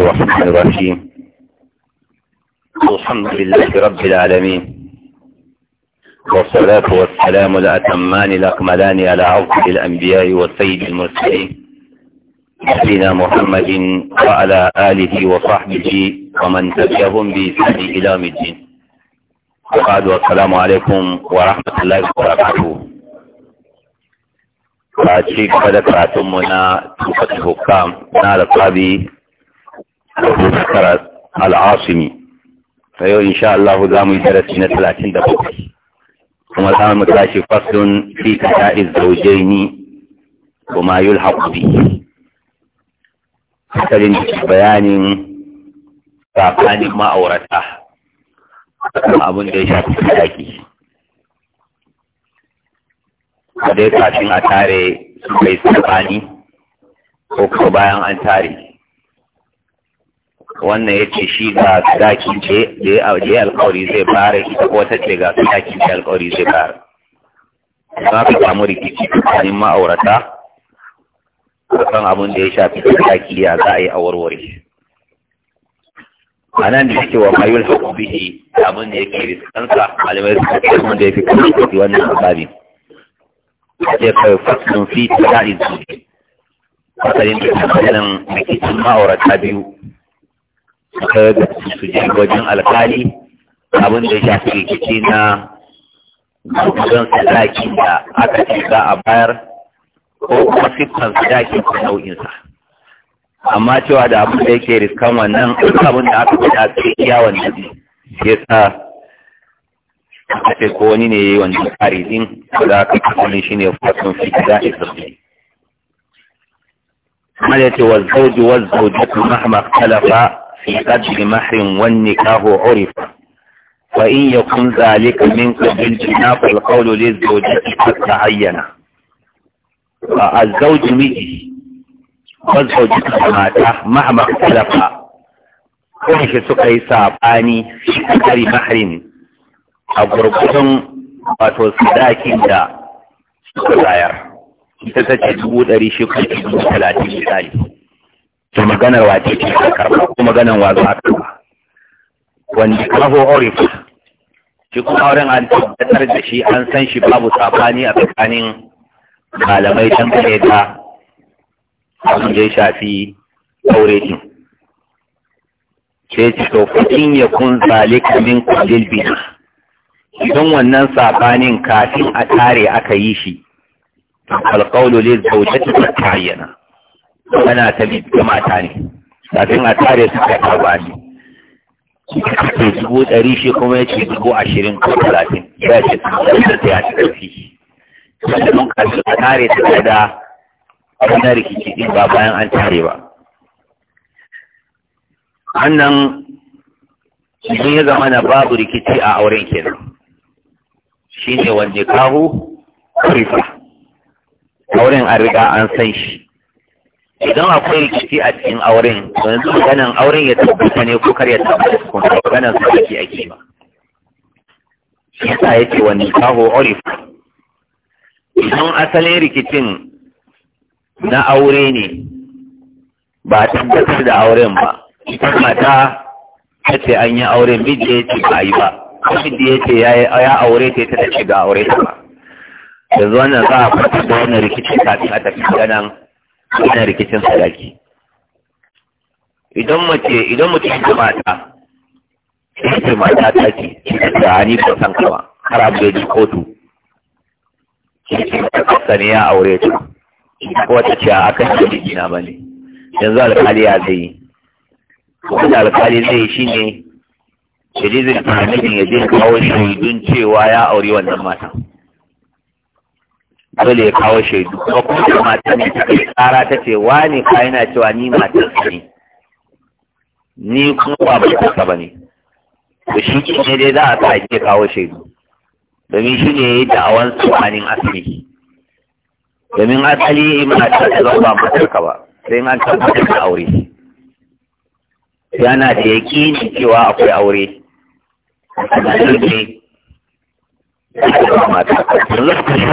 الرحمن الرحيم الحمد لله رب العالمين والصلاة والسلام الأتمان الأكملان على عرض الأنبياء والسيد المرسلين نبينا محمد وعلى آله وصحبه ومن تبعهم بإسان إلى الدين وبعد والسلام عليكم ورحمة الله وبركاته فأتشيك فلك أتمنا توفة الحكام نال الطبي abu zakar al'asimi ta yau insha Allah za mu yi darasi na talatin da bakwai kuma za mu tashi faslun fi ta ta'iz ni, kuma yul haƙubi hakalin bayanin tsakanin ma'aurata abin da ya shafi sadaki A dai kafin a tare su kai sabani ko kuma bayan an tare wannan ya ce shi ga sadakin ce da ya alkawari zai fara ita ko ta ce ga sadakin ce alkawari zai fara za ka samu rikici tsakanin ma'aurata kan abin da ya shafi sadaki ya za a yi a warware a nan da yake wa mayul da abin da yake riskansa malamai suka ce da ya fi kasance wannan asabi sai kai fasin fi ta da'i zuci fasalin da ta kasanin rikicin ma'aurata biyu kai ga su je wajen alkali abin da ya shafi rikici na gudun sadaki da aka ce za a bayar ko kuma siffan sadaki ko nau'insa amma cewa da abin da yake riskan wannan abin da aka fita sai iya wannan ya sa aka ce ko wani ne ya yi wannan tsari din ko da aka kasanin shi ne fasin fi da isarbi kuma da ce wa zauji wa zaujatu mahma khalafa في قدر محرم والنكاه عرف فإن يكن ذلك منكم بالجنا a للزوجة قد تعين الزوج مجي والزوجة ماتا مهما اختلفا kunshi suka yi saɓani shi kari mahrim a gurgudun wato sadakin da suka bayar ita ta ce dubu ɗari shi kuma dubu talatin misali to maganar wace ce a karba ko maganar wa za a karba wanda aure ba shi kuma auren an tabbatar da shi an san shi babu sabani a tsakanin malamai dangane da abin da ya shafi aure din sai ce to kudin ya kun zale kamin kullil bina idan wannan sabanin kafin a tare aka yi shi alqawlu lil zawjati tayyana magana ta bi ga mata ne kafin a tare su ka karba ne ke dubu ɗari shi kuma ya ce dubu ashirin ko talatin ya ce sun ta ya ci ƙarfi wanda mun kasu a tare ta da wannan rikici ɗin ba bayan an tare ba annan shi ya zama na babu rikici a auren kenan shi ne wanda kawo? kurifa auren an riga an san shi idan akwai rikici a cikin auren yanzu maganan auren ya tabbata ne ko kar ya tabbata ko maganan su ake ake ba shi yasa yake wani kaho urif idan asalin rikicin na aure ne ba tabbatar da auren ba ita mata ta ce an yi auren miji ya ce ba yi ba miji ya ce ya aure ta ta ce ga aure ta ba yanzu wannan za a fata da wannan rikicin kafin a tafi ganan ana rikicin sadaki idan mace idan mutum ya mata sai ce mata ta ce da ni ko san kawa har abu da kotu sai ta kasane ya aure ta ko ta ce a kan gina na bane yanzu alƙali ya zai wanda alƙali zai shine shiri zai tsanajin ya je kawo shaidun cewa ya aure wannan matan dole ya kawo shaidu kuma kuma mata ne ta kai tsara ta ce wani ka yana cewa ni matar ne ni kuma ba matarsa ba ne da shi ne dai za a sa ya kawo shaidu domin shi ne ya yi awon tsakanin asali domin asali mata ta zama ba matarka ba sai an mata ta aure yana da ne cewa akwai aure a cikin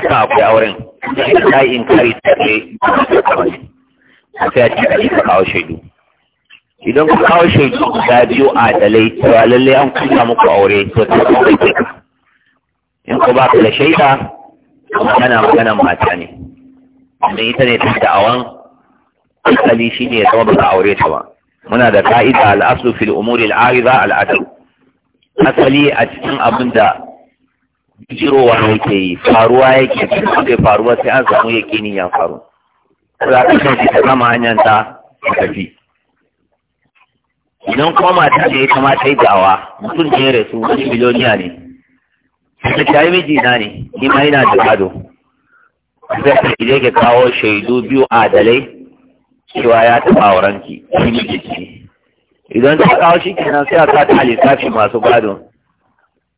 akwai auren da ita ta yi inkari ta a sai a ji ka kawo shaidu idan ku kawo shaidu guda biyu a dalai cewa lallai an kuma muku aure to ta kuma ka in ku ba ku da shaida kuma tana magana mata ne idan ita ne ta da'awan asali shi ne ya ba ka aure ta ba muna da ka'ida al'asu fil umuri al'ariza al'adu. asali a cikin abin da bijirowa yake yi faruwa yake suke faruwa sai an samu kini ya faru za ka san ta kama hanyar ta tafi idan kuma mata ne ya kamata yi da'awa mutum ne ya rasu wani miliyoniya ne ta ta yi miji na ne ni ma yana da gado zai ta ide ke kawo shaidu biyu adalai cewa ya taɓa aurenki shi miji ce idan ta kawo shi kenan sai a sa ta lissafi masu gado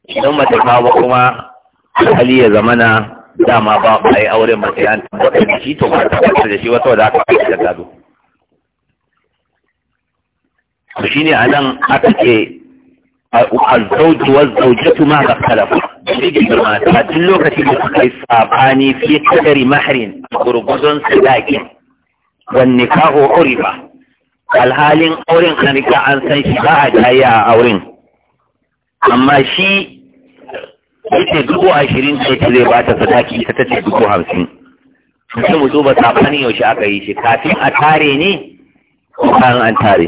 idan mata kawo kuma hali ya zamana dama ba a yi auren matsayan da shi to ba ta kasa da shi wata wadda aka kasa da gado to shi ne a nan aka ke alzaujuwar zaujatu ma ga kalafa shi ke girma a cikin lokacin da suka yi sabani fiye ta gari maharin gurgudun sadaki wanne kaho ori ba alhalin auren kanika an san shi ba a jayya a auren amma shi yake dubu ashirin da yake zai bata sadaki ita ta ce dubu hamsin sai mu duba tsakanin yaushe aka yi shi kafin a tare ne ko kafin an tare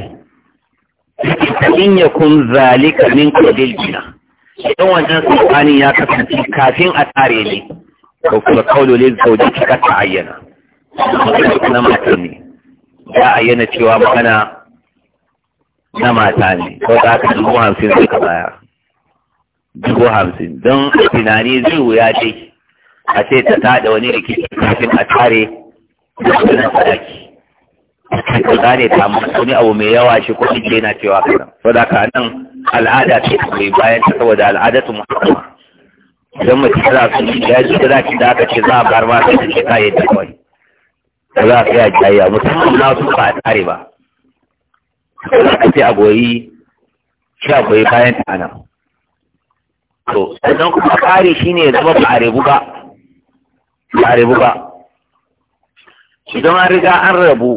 ta in ya kun zalika min kodil gina idan wannan tsakanin ya kasance kafin a tare ne ko kuma kaulu ne zauji kika ta ayyana na mata ne ya ayyana cewa magana na mata ne ko za ka dubu hamsin suka bayar dubu hamsin don tunani zai wuya ce a ce ta tada wani rikici kafin a tare da wannan sadaki ka ne ta ne abu mai yawa shi ko kike na cewa kaza saboda ka nan al'ada ce mai bayan ta saboda al'adatu muhammad idan mace tana son yi ya ji za ki da aka ce za a bar ma ta ce ka yadda kawai ba za ka yi jayya musamman na su ba a tare ba za ka ce a goyi shi goyi bayan ta nan to idan kuma kare shi ne ya zama ba a rabu ba ba a idan an riga an rabu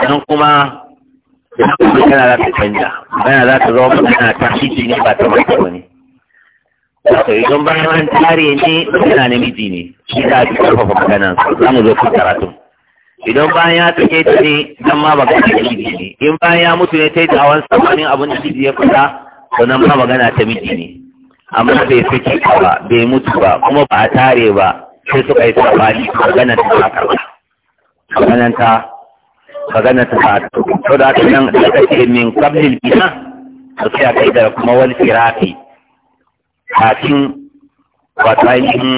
idan kuma kuma magana za ta canja bana za ta zama magana ta shi ne ba ta mata wani idan bana an tare ne yana namiji ne shi za a fi karfafa magana za mu zo kan karatun idan bayan ya take ta ne dan ma ka ji ne in bayan ya mutu ne ta yi dawon samanin abin da shi ya fita wannan ba magana ta miji ne amma bai sake ba bai mutu ba kuma ba a tare ba sai suka yi sabani magana ta ba karba maganar ta magana ta ba to da aka nan da kake min qablil bina to sai kai da kuma wani firafi kafin wato ainihin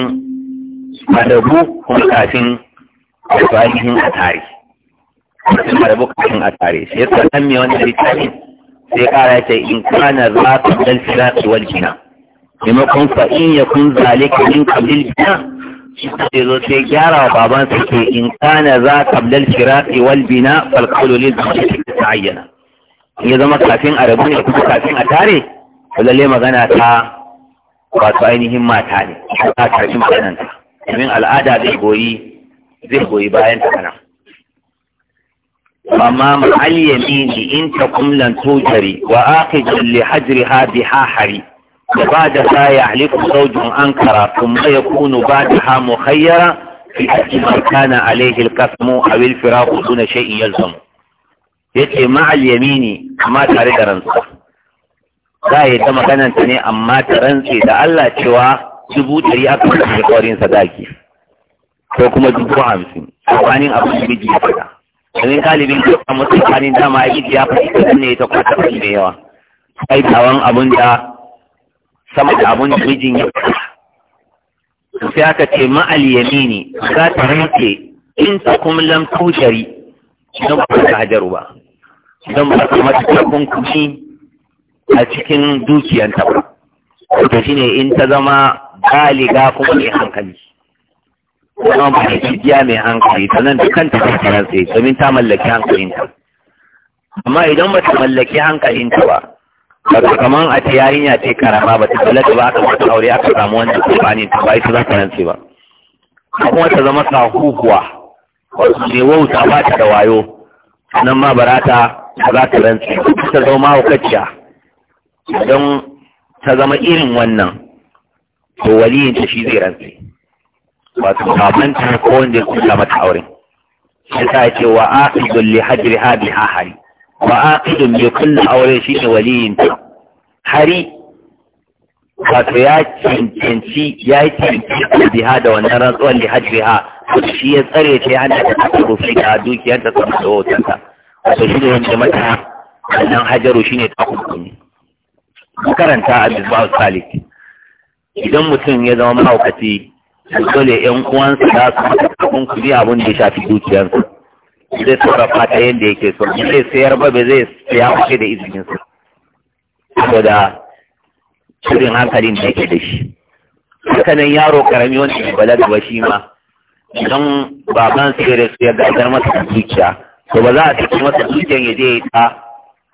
madabu kuma kafin wato ainihin a tare madabu kafin a tare sai ka san me wannan littafin sai kara ce in kana za ka dal firaqi wal jina maimakon fa in yakun zalika min qabil bina sai zo sai gyara wa baban sa ke in kana za ka dal firaqi wal bina fal qawlu lil zawjati ta'ayyana ya zama kafin a rabu ne kuma kafin a tare lalle magana ta wato ainihin mata ne ta karfi maganan ta domin al'ada zai goyi zai goyi bayan ta kana وامام على اليمين ان تقم لن توجري واخذ لحجرها بها حري وبعدها يحلف زوج انكر ثم يكون بعدها مخيرا في حسب ما كان عليه القسم او الفراق دون شيء يلزم yace ma'al yamini amma tare da rantsa za a yi ta magananta ne amma ta rantse da Allah cewa dubu ɗari aka kasance kwarin sadaki ko kuma dubu da domin galibin kuka mutum kanin dama ya ya fi ta ne ta kwata faɗi da yawa sai tawon abun da sama da abun da mijin ya sai aka ce ma'al yamini za ta rike in ta kuma lam tujari don ba ta hajaru ba don ba ta mata takun a cikin dukiyanta ba shi shine in ta zama baliga kuma mai hankali kuma ba ta jiya mai hankali ta nan da kanta ta fara sai domin ta mallaki hankalinta amma idan ba ta mallaki hankalinta ba ba kaman a ta yarinya ta karama ba ta balaga ba aka mata aure aka samu wannan kubani ta ba ita za ta rantse ba kuma ta zama sahuhuwa wasu ne wauta ba ta da wayo nan ma barata ta za ta rantse ta zama mahaukaciya don ta zama irin wannan to waliyin ta shi zai rantse wato babanta ko wanda ya kusa mata auren sai ta ce wa aqidun li hajriha bi ahari wa aqidun bi kulli aure shine waliyin ta hari wato ya cancanci ya yi cancanci biha da wannan rantsuwar li hajriha shi ya tsare ta ya hana ta tasarrufi da dukiyar ta sama da wautarta wato shi ne wanda mata wannan hajaru shine ta hukumi karanta a bisba'u salik idan mutum ya zama mahaukaci dole yan uwansa za su mata takunkumi abin da ya shafi dukiyarsa zai sarrafa ta yadda yake so in zai sayar ba ba zai saya kuke da izininsa saboda shirin hankalin da yake da shi hakanan yaro karami wanda ya balaga ba shi ma idan baban su ya ya masa masa dukiya to ba za a saki masa dukiyan ya je ta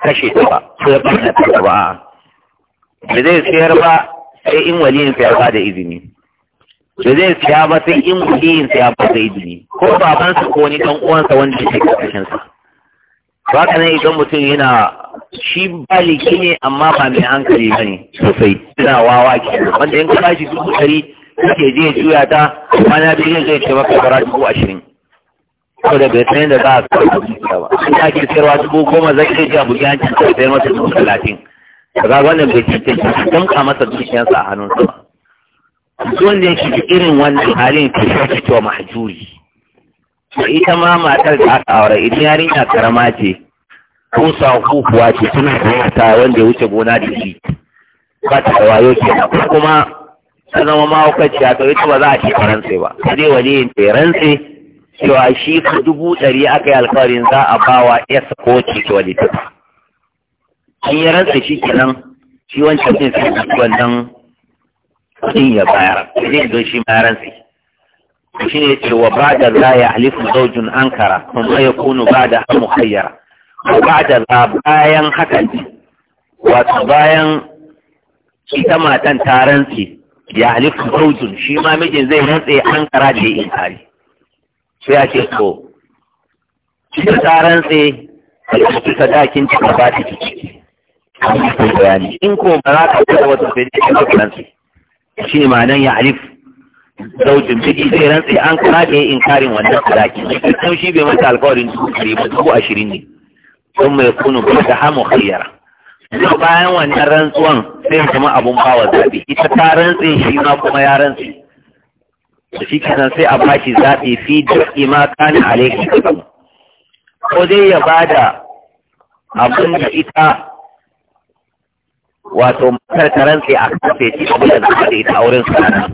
kashe ta ba ko ya ɓarna ta ba ba zai sayar ba sai in waliyin sayar ba da izini da zai siya ba sai in in siya ba sai izini ko babansa ko wani ɗan uwansa wanda yake karkashin sa to haka nan idan mutum yana shi baliki ne amma ba mai hankali ba ne sosai yana wawa ke wanda in ka shi dubu ɗari kake je juya ta na biyu zai ce maka fara dubu ashirin ko da bai san da za a kawo da ba in ka ke sayarwa dubu goma zai ce ji abu yanci ta sayar masa dubu talatin ka ga wannan bai ce ce don ka masa dukiyansa a hannunsa ba wanda ya shiga irin wannan halin ta shafi cewa mahajuri to ita ma matar da aka aure idan yarinya karama ce ko sahuhuwa ce suna da wanda ya wuce gona da shi ba ta da wayo ke ko kuma ta zama a ta ita ba za a ce faransa ba sai waliyin ta rantse cewa shi ka dubu ɗari aka yi alkawarin za a wa yasa sako ce ta wali ta an yi ransa shi kenan shi wancan sun fi wannan in ya bayar zai zo shi ma ransa shi ne ce wa ba da za ya halifu zaujin ankara kuma ya kunu ba da hamu hayyara wa ba da za bayan haka ne wato bayan ita matan ta rantse ya halifu zaujin shi ma mijin zai rantse ankara da ya inkari sai ya ce ko. ita ta rantse ka ta sadakin ta ba ta ciki in ko ba za ka kuɗa wata sai ta rantse shi ne nan ya alif zaujin sai zai rantsi an kara da in karin wannan talaki don shi bai mata alkawarin dubu ba dubu ashirin ne don mai kunu ba da hamu khayyara to bayan wannan rantsuwan sai ya zama abun bawa zaɓi ita ta rantsi shi ma kuma ya rantsi da shi kenan sai a bashi zaɓi fi dafi ma kana alaihi ko dai ya bada abin da ita wato matar ta rantse a kafe shi abu da zaka da ita auren sa na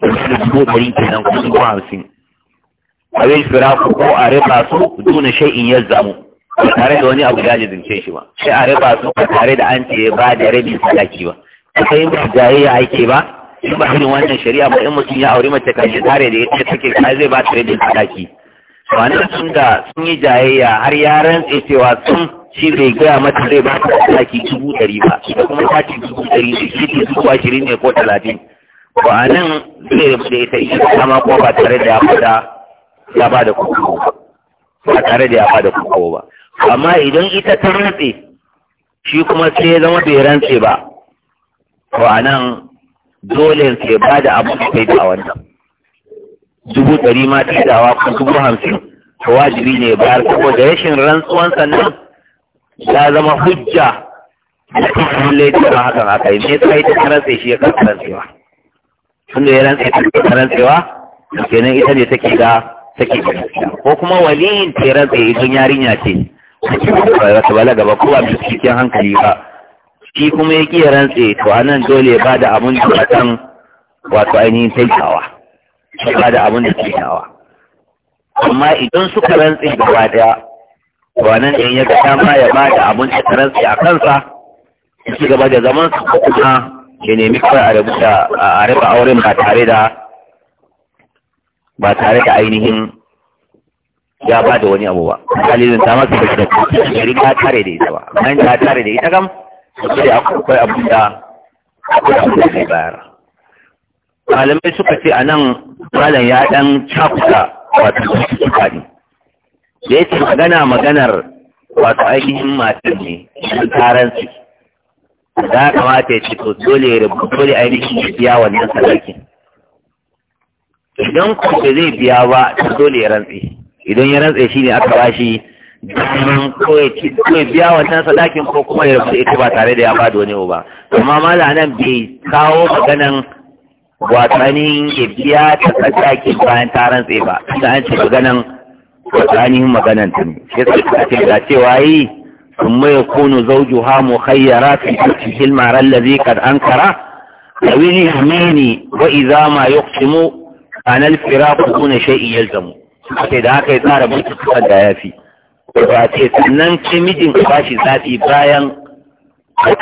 da dubu ɗari kenan ko dubu hamsin a zai fira ko a riba su duna shay'in ya zamu ba tare da wani abu da zance shi ba sai a riba su ba tare da an ce ba da rabin sadaki ba kai ba jayayya aike ba in ba irin wannan shari'a ba in mutum ya aure mace kan shi tare da ita take kai zai ba ta rabin sadaki to sun da sun yi jayayya har ya rantse cewa sun shi bai gaya mata zai ba ta taki dubu ɗari ba da kuma taki dubu ɗari da shi ke dubu ashirin ne ko talatin ba a nan zai rabu da ita ita kama ko ba tare da ya fada ya ba da kuku ba tare da ya fada da kuku ba amma idan ita ta rantse shi kuma sai ya zama bai rantse ba to a nan dole sai ba da abu da kai da wannan dubu ɗari ma ta dawa ko dubu hamsin wajibi ne bayar saboda rashin rantsuwan sannan ya zama hujja da kuma lalle ba hakan haka ne sai ta karanta shi ya karantsewa tunda ya rantsa ta karantsewa kenan ita ne take da take da ko kuma waliyin ta ya rantsa idan yarinya ce take da ta balaga ba kowa mai cikin hankali ba shi kuma ya kiya rantse to anan dole ba da abun da ba kan wato ainihin taikawa ba da abun da taikawa amma idan suka rantse gaba daya wannan in ya ga dama ya ba da abun shekaransa a kansa ya ci gaba da zaman su ko kuma ya nemi kawai a rufe auren ba tare da ba tare da ainihin ya ba da wani abu ba dalilin ta masa da da gari ta tare da ita ba nan ta tare da ita kam da akwai abun da akwai abun da kai bayar malamai suka ce a nan malam ya dan cakuta wato suka ne da ce magana maganar wato ainihin matan ne yan karansu a kamata ya ce to dole ya rubu dole ainihin ya biya wannan sadakin idan ku ce zai biya ba to dole ya rantse idan ya rantse shi ne aka bashi daman ko ya biya wannan sadakin ko kuma ya rubuta ita ba tare da ya ba da wani ba amma mala nan bai kawo maganan wato ainihin ya biya ta sadakin bayan ta rantse ba tunda an ce maganan wata ainihin ta ne shi suka ce da cewa yi sun mai kunu zauju ha mu hayyara fi cikin maran lazi kad an kara da wini hamini wa iza ma yuqsimu anal firaku kuna shay'i yalzamu suka ce da haka ya tsara mutu sukan da ya fi ba ce sannan ce mijin ka bashi zafi bayan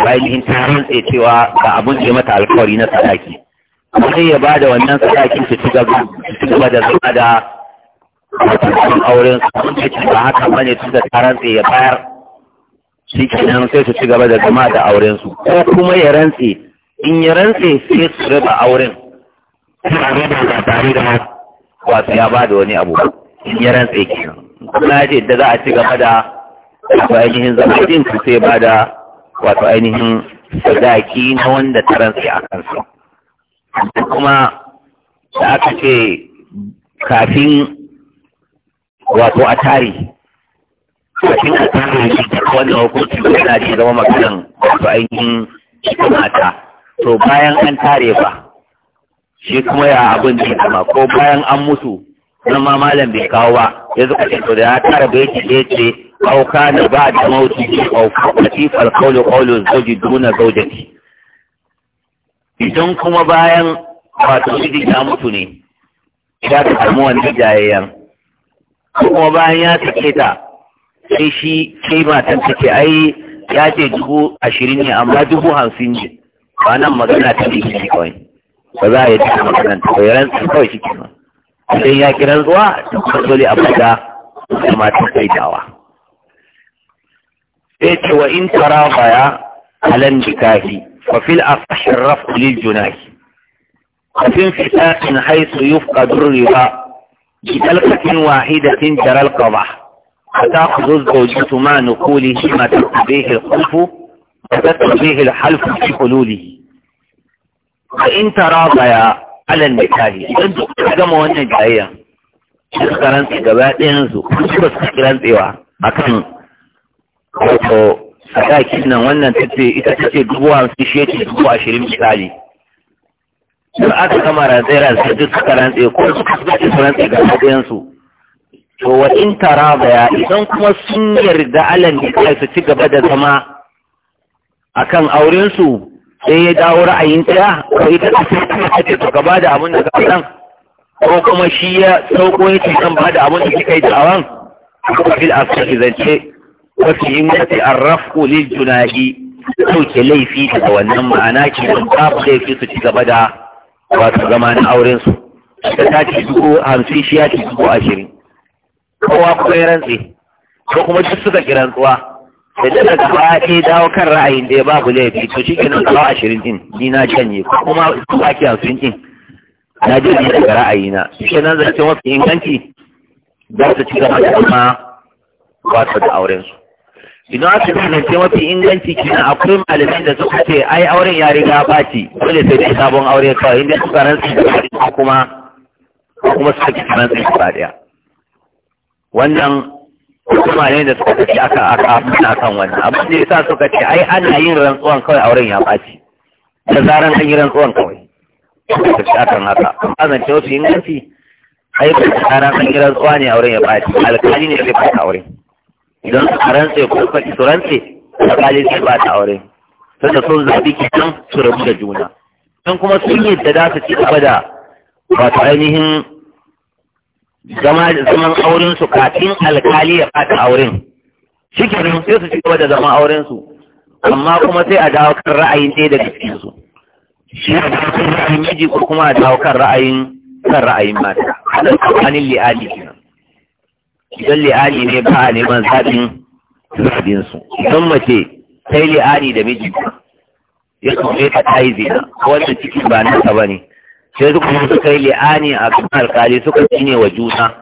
ainihin ta rantse cewa ga abin da mata alkawari na sadaki sai ya ba da wannan sadakin su ci gaba da zama da wata kan auren sun cikin ba haka bane tun da taron ya bayar shi kenan sai su ci gaba da zama da auren su ko kuma ya rantse in ya rantse sai su raba auren tare da ba tare da wasu ya ba da wani abu in ya rantse kenan kuma ya ce da za a ci gaba da wato ainihin zama su sai ba da wato ainihin sadaki na wanda ta tsaye a kansa kuma da aka ce kafin wato a tare a a tare shi da wannan hukuncin da yana ji zama maganan wato ainihin mata to bayan an tare ba shi kuma ya abin da ya ko bayan an mutu nan ma malam bai kawo ba ya zuka ce to da ya tara bai ce ya ce auka da ba da mauti ji auka katifar kaulu kaulu zoji duna zaujati idan kuma bayan wato shi ya mutu ne ya ta samu wani jayayyan kuma bayan ya take ta sai shi sai matan take ai ya ce dubu ashirin ne amma dubu hamsin ne ba nan magana ta ne shi kawai ba za a yi cikin magana ta bai su kawai shi kima idan ya kira zuwa, ta kuma dole a bada, da matan kai dawa sai ce wa in tara baya halan jikahi fafil a fashin raf'u lil junahi fa fin haisu yufka yufqadu riba بدلقة واحدة جرى القضاء فتأخذ الزوجة مع نقوله ما تقضيه الخلف وتقضيه الحلف في حلوله فإن تراضيا على النكاح إذن كما وانا جاية شكرا تقبا تنزو شكرا تقبا أكن wato sadakin nan wannan tace ita tace dubu hamsin shi yake dubu ashirin misali duk aka kama rantsai rantsai duk suka rantsai ko suka suka ce su rantsai ga haɗayensu to wa in tara baya idan kuma sun yarda alan kai su ci gaba da zama akan aurensu sai ya dawo ra'ayin ɗaya ko ita ta sai ta to gaba da abin da ka ko kuma shi ya sauko ya ce kan ba da abin da kika yi da'awan ko fil asali zance wasu imati arrafu lil junahi ɗauke laifi daga wannan ma'ana ke don babu laifi su ci gaba da wato zama na auren su ta ci dubu hamsin shi ya ce dubu ashirin kowa kuma ya rantse ko kuma duk suka ki rantsuwa da daga gaba ɗaya dawo kan ra'ayin da ya babu laifi to shi kenan kawo ashirin din ni na canye ko kuma su ake hamsin din na je ni daga ra'ayina shi kenan ce mafi inganci za su ci gaba da kuma wato da auren su idan aka kasance mafi inganci kina akwai malamai da suka ce ai auren ya riga ɓaci dole sai dai sabon aure kawai inda suka rantsi da kuma kuma suka ki rantsi gaba daya wannan kuma ne da suka ce aka aka muna kan wannan amma ne yasa suka ce ai ana yin rantsuwan kawai auren ya ɓaci da zaran an yi rantsuwan kawai suka ce akan haka amma zance mafi inganci ai da zaran an yi rantsuwa ne auren ya ɓaci alƙali ne zai fata auren idan su a ko ya kuma su rantse alƙali sai ba ta aure sai da sun zaɓi kitan su rabu da juna don kuma sun yi da za su ci gaba da wato ainihin zama zaman auren su kafin alƙali ya ta auren shi nan sai su ci gaba da zaman auren su amma kuma sai a dawo kan ra'ayin ɗaya daga cikin su shi a dawo kan ra'ayin miji ko kuma a dawo kan ra'ayin kan ra'ayin mata hada tsakanin li'ali idan li'ani ne ba a neman zaɓin zaɓinsu idan mace ta yi li'ani da mijinta ya kauce ta ta yi zina wanda cikin ba nasa ba ne sai suka kuma suka yi li'ani a kan alkali suka cine wa juna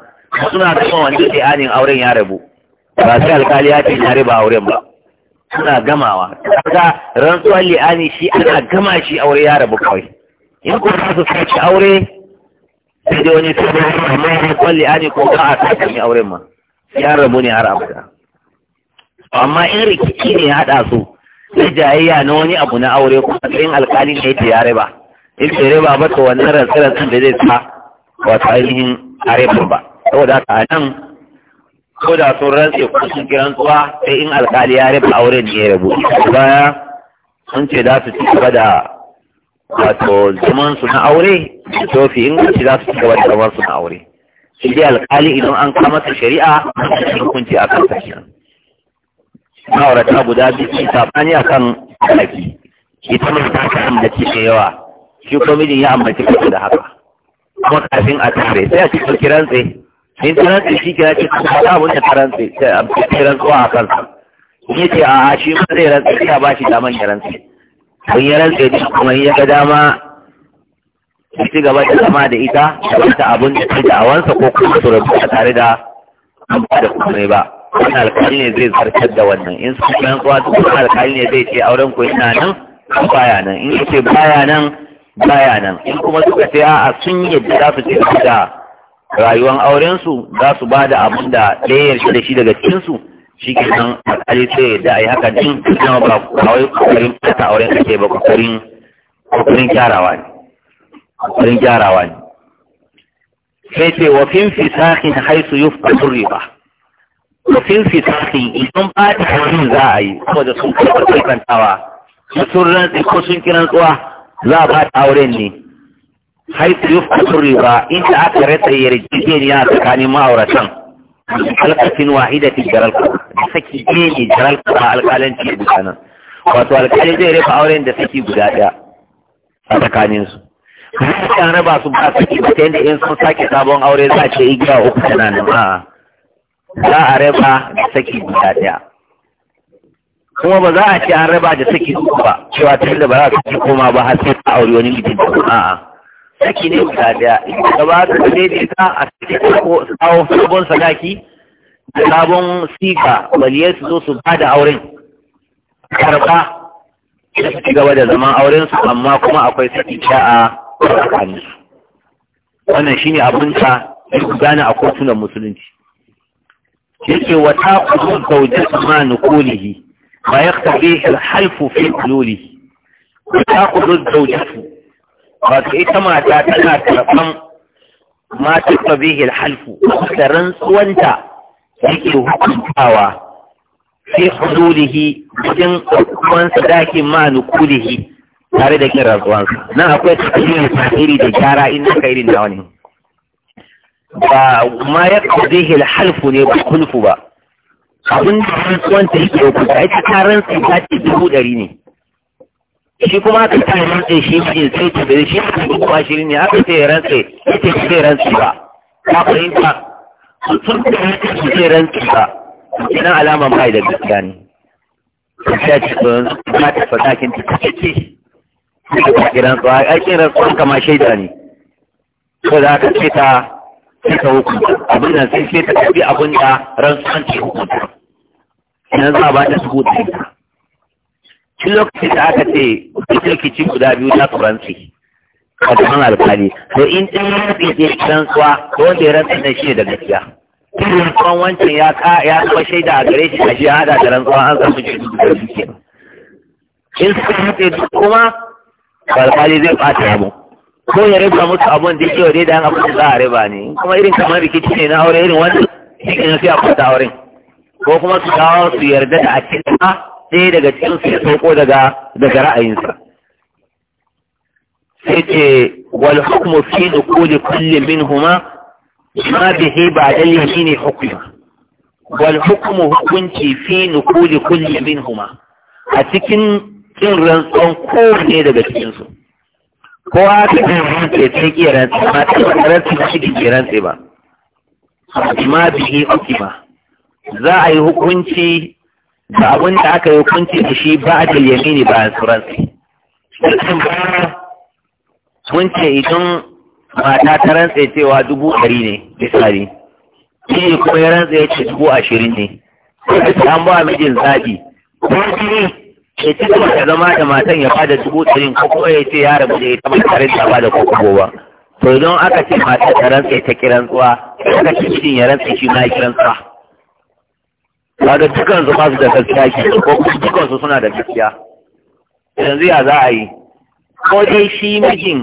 suna gama wanda li'anin auren ya rabu ba sai alkali ya ce ya riba auren ba suna gamawa kaga rantsuwar li'ani shi ana gama shi aure ya rabu kawai in kuma su sace aure sai wani wani sai dai amma ya kwalli ani ko ka a sami auren ma ya rabu ne har abada amma in rikici ne ya haɗa su sai jayayya na wani abu na aure ko in alkali ne ta yare ba in ta yare ba ba to wannan rantsarantsan da zai sa wato ainihin arewa ba saboda haka a nan ko da sun rantse ko sun kiran tsuwa sai in alkali ya rufe auren ne ya rabu baya sun ce za su ci gaba da wato zaman su na aure da in inganci za su ci gaba da zaman su na aure shi dai alkali idan an kama ta shari'a da hukunci a kan tashi ma'aurata guda biyu sabani a kan alaki ita mai ta ka ambaci da yawa shi ko mijin ya ambaci kansa da haka kuma kafin a tare sai a cikin kirantse in kirantse shi kira ce kuma ta abin da kirantse sai a cikin kirantsuwa a kansa ni ce a shi ma zai rantse ya ba shi daman kirantse in ya rantse da kuma in ya ga dama ya ci gaba da zama da ita da wata abin da ta da'awansa ko kuma su rabu a tare da an ba da kuma ba wani alkali ne zai zartar da wannan in sun kan tsuwa su kuma alkali ne zai ce auren ku ina nan ko baya nan in ce baya nan baya nan in kuma suka ce a'a sun yi yadda za su ci gaba da rayuwar aurensu za su ba da abin da ɗaya yarda da shi daga cikinsu shi ke nan alƙali ce da a yi haka din kuma ba kawai kokarin fata auren kake ba kokarin kokarin gyarawa ne kokarin gyarawa ne sai ce wa fin fisakin haisu yufqatu riba wa fin fisakin idan ba ta hannun za a yi da sun kai karɓar kantawa sun rantsi ko sun kiran tsuwa za a ba ta auren ne haisu yufqatu riba inda aka ratsa yarjejeniya tsakanin ma'auratan halkatin wahida fi jaral ka. da saki ne jaral a alƙalanci guda nan wato alƙali zai rufe auren da saki guda ɗaya a tsakanin su kan raba su ba saki ba ta yadda in sun sake sabon aure za a ce igiya uku tana nan a za a raba da saki guda ɗaya kuma ba za a ce an raba da saki uku ba cewa ta yadda ba za su ci koma ba har sai ta aure wani mutum a'a saki ne guda daya inda gaba ta daidaita a cikin ko tsawon sabon sadaki da sabon siga waliyar su zo su ba da auren karba da su gaba da zaman auren su amma kuma akwai saki sha a tsakanin su wannan shine abin ta duk gane a kotunan musulunci yake wa ta kudu zaujatu ma nukulihi ma yaktabi alhalfu fi kululi wa ta kudu zaujatu wato ita mata tana karɓan mata fabihil halfu da rantsuwanta yake hukuntawa fi hudulihi cikin hukuman sadakin ma nukulihi tare da kin rantsuwansa nan akwai tafiyar tasiri da gyara in na irin da wani ba ma ya kudihi halfu ne ba kulfu ba abin da rantsuwanta yake hukunta ita ta rantsu ta ce dubu ɗari ne shi kuma aka ta yi rantse shi ne sai ta bai shi aka duk kwashiri ne aka ce rantse ita ce zai rantsi ba ka fahimta sun ta rantse su zai rantse ba idan alaman bai da gaskiya ne gaskiya ce to yanzu ba ta fatakin ta kake ta kaki rantsuwa aikin rantsuwa kama shaida ne ko za ka ce ta sai ta hukunta abin nan sai sai ta tafi abin da rantsuwan ce hukunta yanzu a ba ta su hukunta shi lokacin da aka ce rikici guda biyu ta faransi. a gaban alkali to in ɗin rantsi ce rantsuwa ko wanda ya rantsa da shi da gaskiya tun rantsuwan wancan ya ka kuma shaida a gare shi a shi hada da rantsuwa an samu shi da shi in suka rantsa duk kuma alkali zai ɓata abu ko ya riba musu abun da yake da daidai abin da za a riba ne kuma irin kamar rikici ne na aure irin wanda shi ke sai a kwata auren ko kuma su kawo su yarda da a cikin ɗaya daga cikinsu ya sauko daga daga ra'ayinsa sai ce wal hukmu fi dukuli kulli huma. ma bihi ba'da al-yamin hukma wal hukmu hukunci fi nukuli kulli huma. a cikin cin ko kowane daga cikinsu kowa ta kan rantse ta ki rantse ba ta rantse ba shi ke rantse ba ma bihi hukma za a yi hukunci da abin da aka yi hukunci da shi ba a da yamini ba a tsoronsu cikin ba sun ce idan mata ta rantse cewa dubu ɗari ne misali shi kuma ya rantse ya ce dubu ashirin ne sai ta an ba mijin zaɓi ko shi ya ci gaba da zama da matan ya bada dubu ɗarin ko kuma ya ce ya rabu da ita ba tare da ba da kokobo ba to idan aka ce mata ta rantse ta kiran tsuwa aka ce mijin ya rantsa shi ma ya kiran tsuwa kaga dukan su basu da gaskiya ke ko dukan su suna da gaskiya yanzu ya za a yi ko dai shi mijin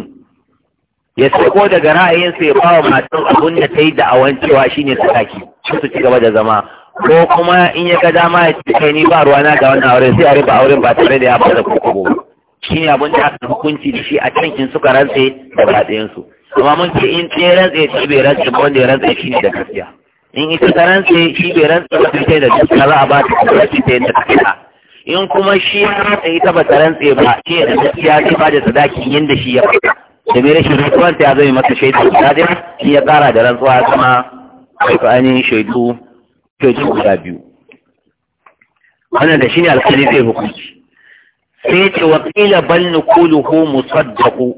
ya sako daga ra'ayinsa ya bawa matan abin da ta yi da'awan cewa shi ne sakaki su su ci gaba da zama ko kuma in ya ga dama ya ce kai ni ba ruwa na ga wannan auren sai a riba auren ba tare da ya ba da kokobo. shi ne abin da aka hukunci da shi a can in suka rantse da ba amma mun ce in tseren tsaye ce bai rantse ba wanda ya rantse shi ne da gaskiya in ita ta rantse shi bai rantse ba sai da duk za a ba ta kuma ta yadda ta fita in kuma shi ya rantse ita ba ta rantse ba shi da gaskiya zai ba da sadaki yadda shi ya faɗa da mai rashin rantsuwar ta zai masa shaidu guda dai shi ya ƙara da rantsuwa kuma wato ainihin shaidu shaidu guda biyu wannan da shi ne alƙali zai hukunci sai ce wakila bal ko musaddaqu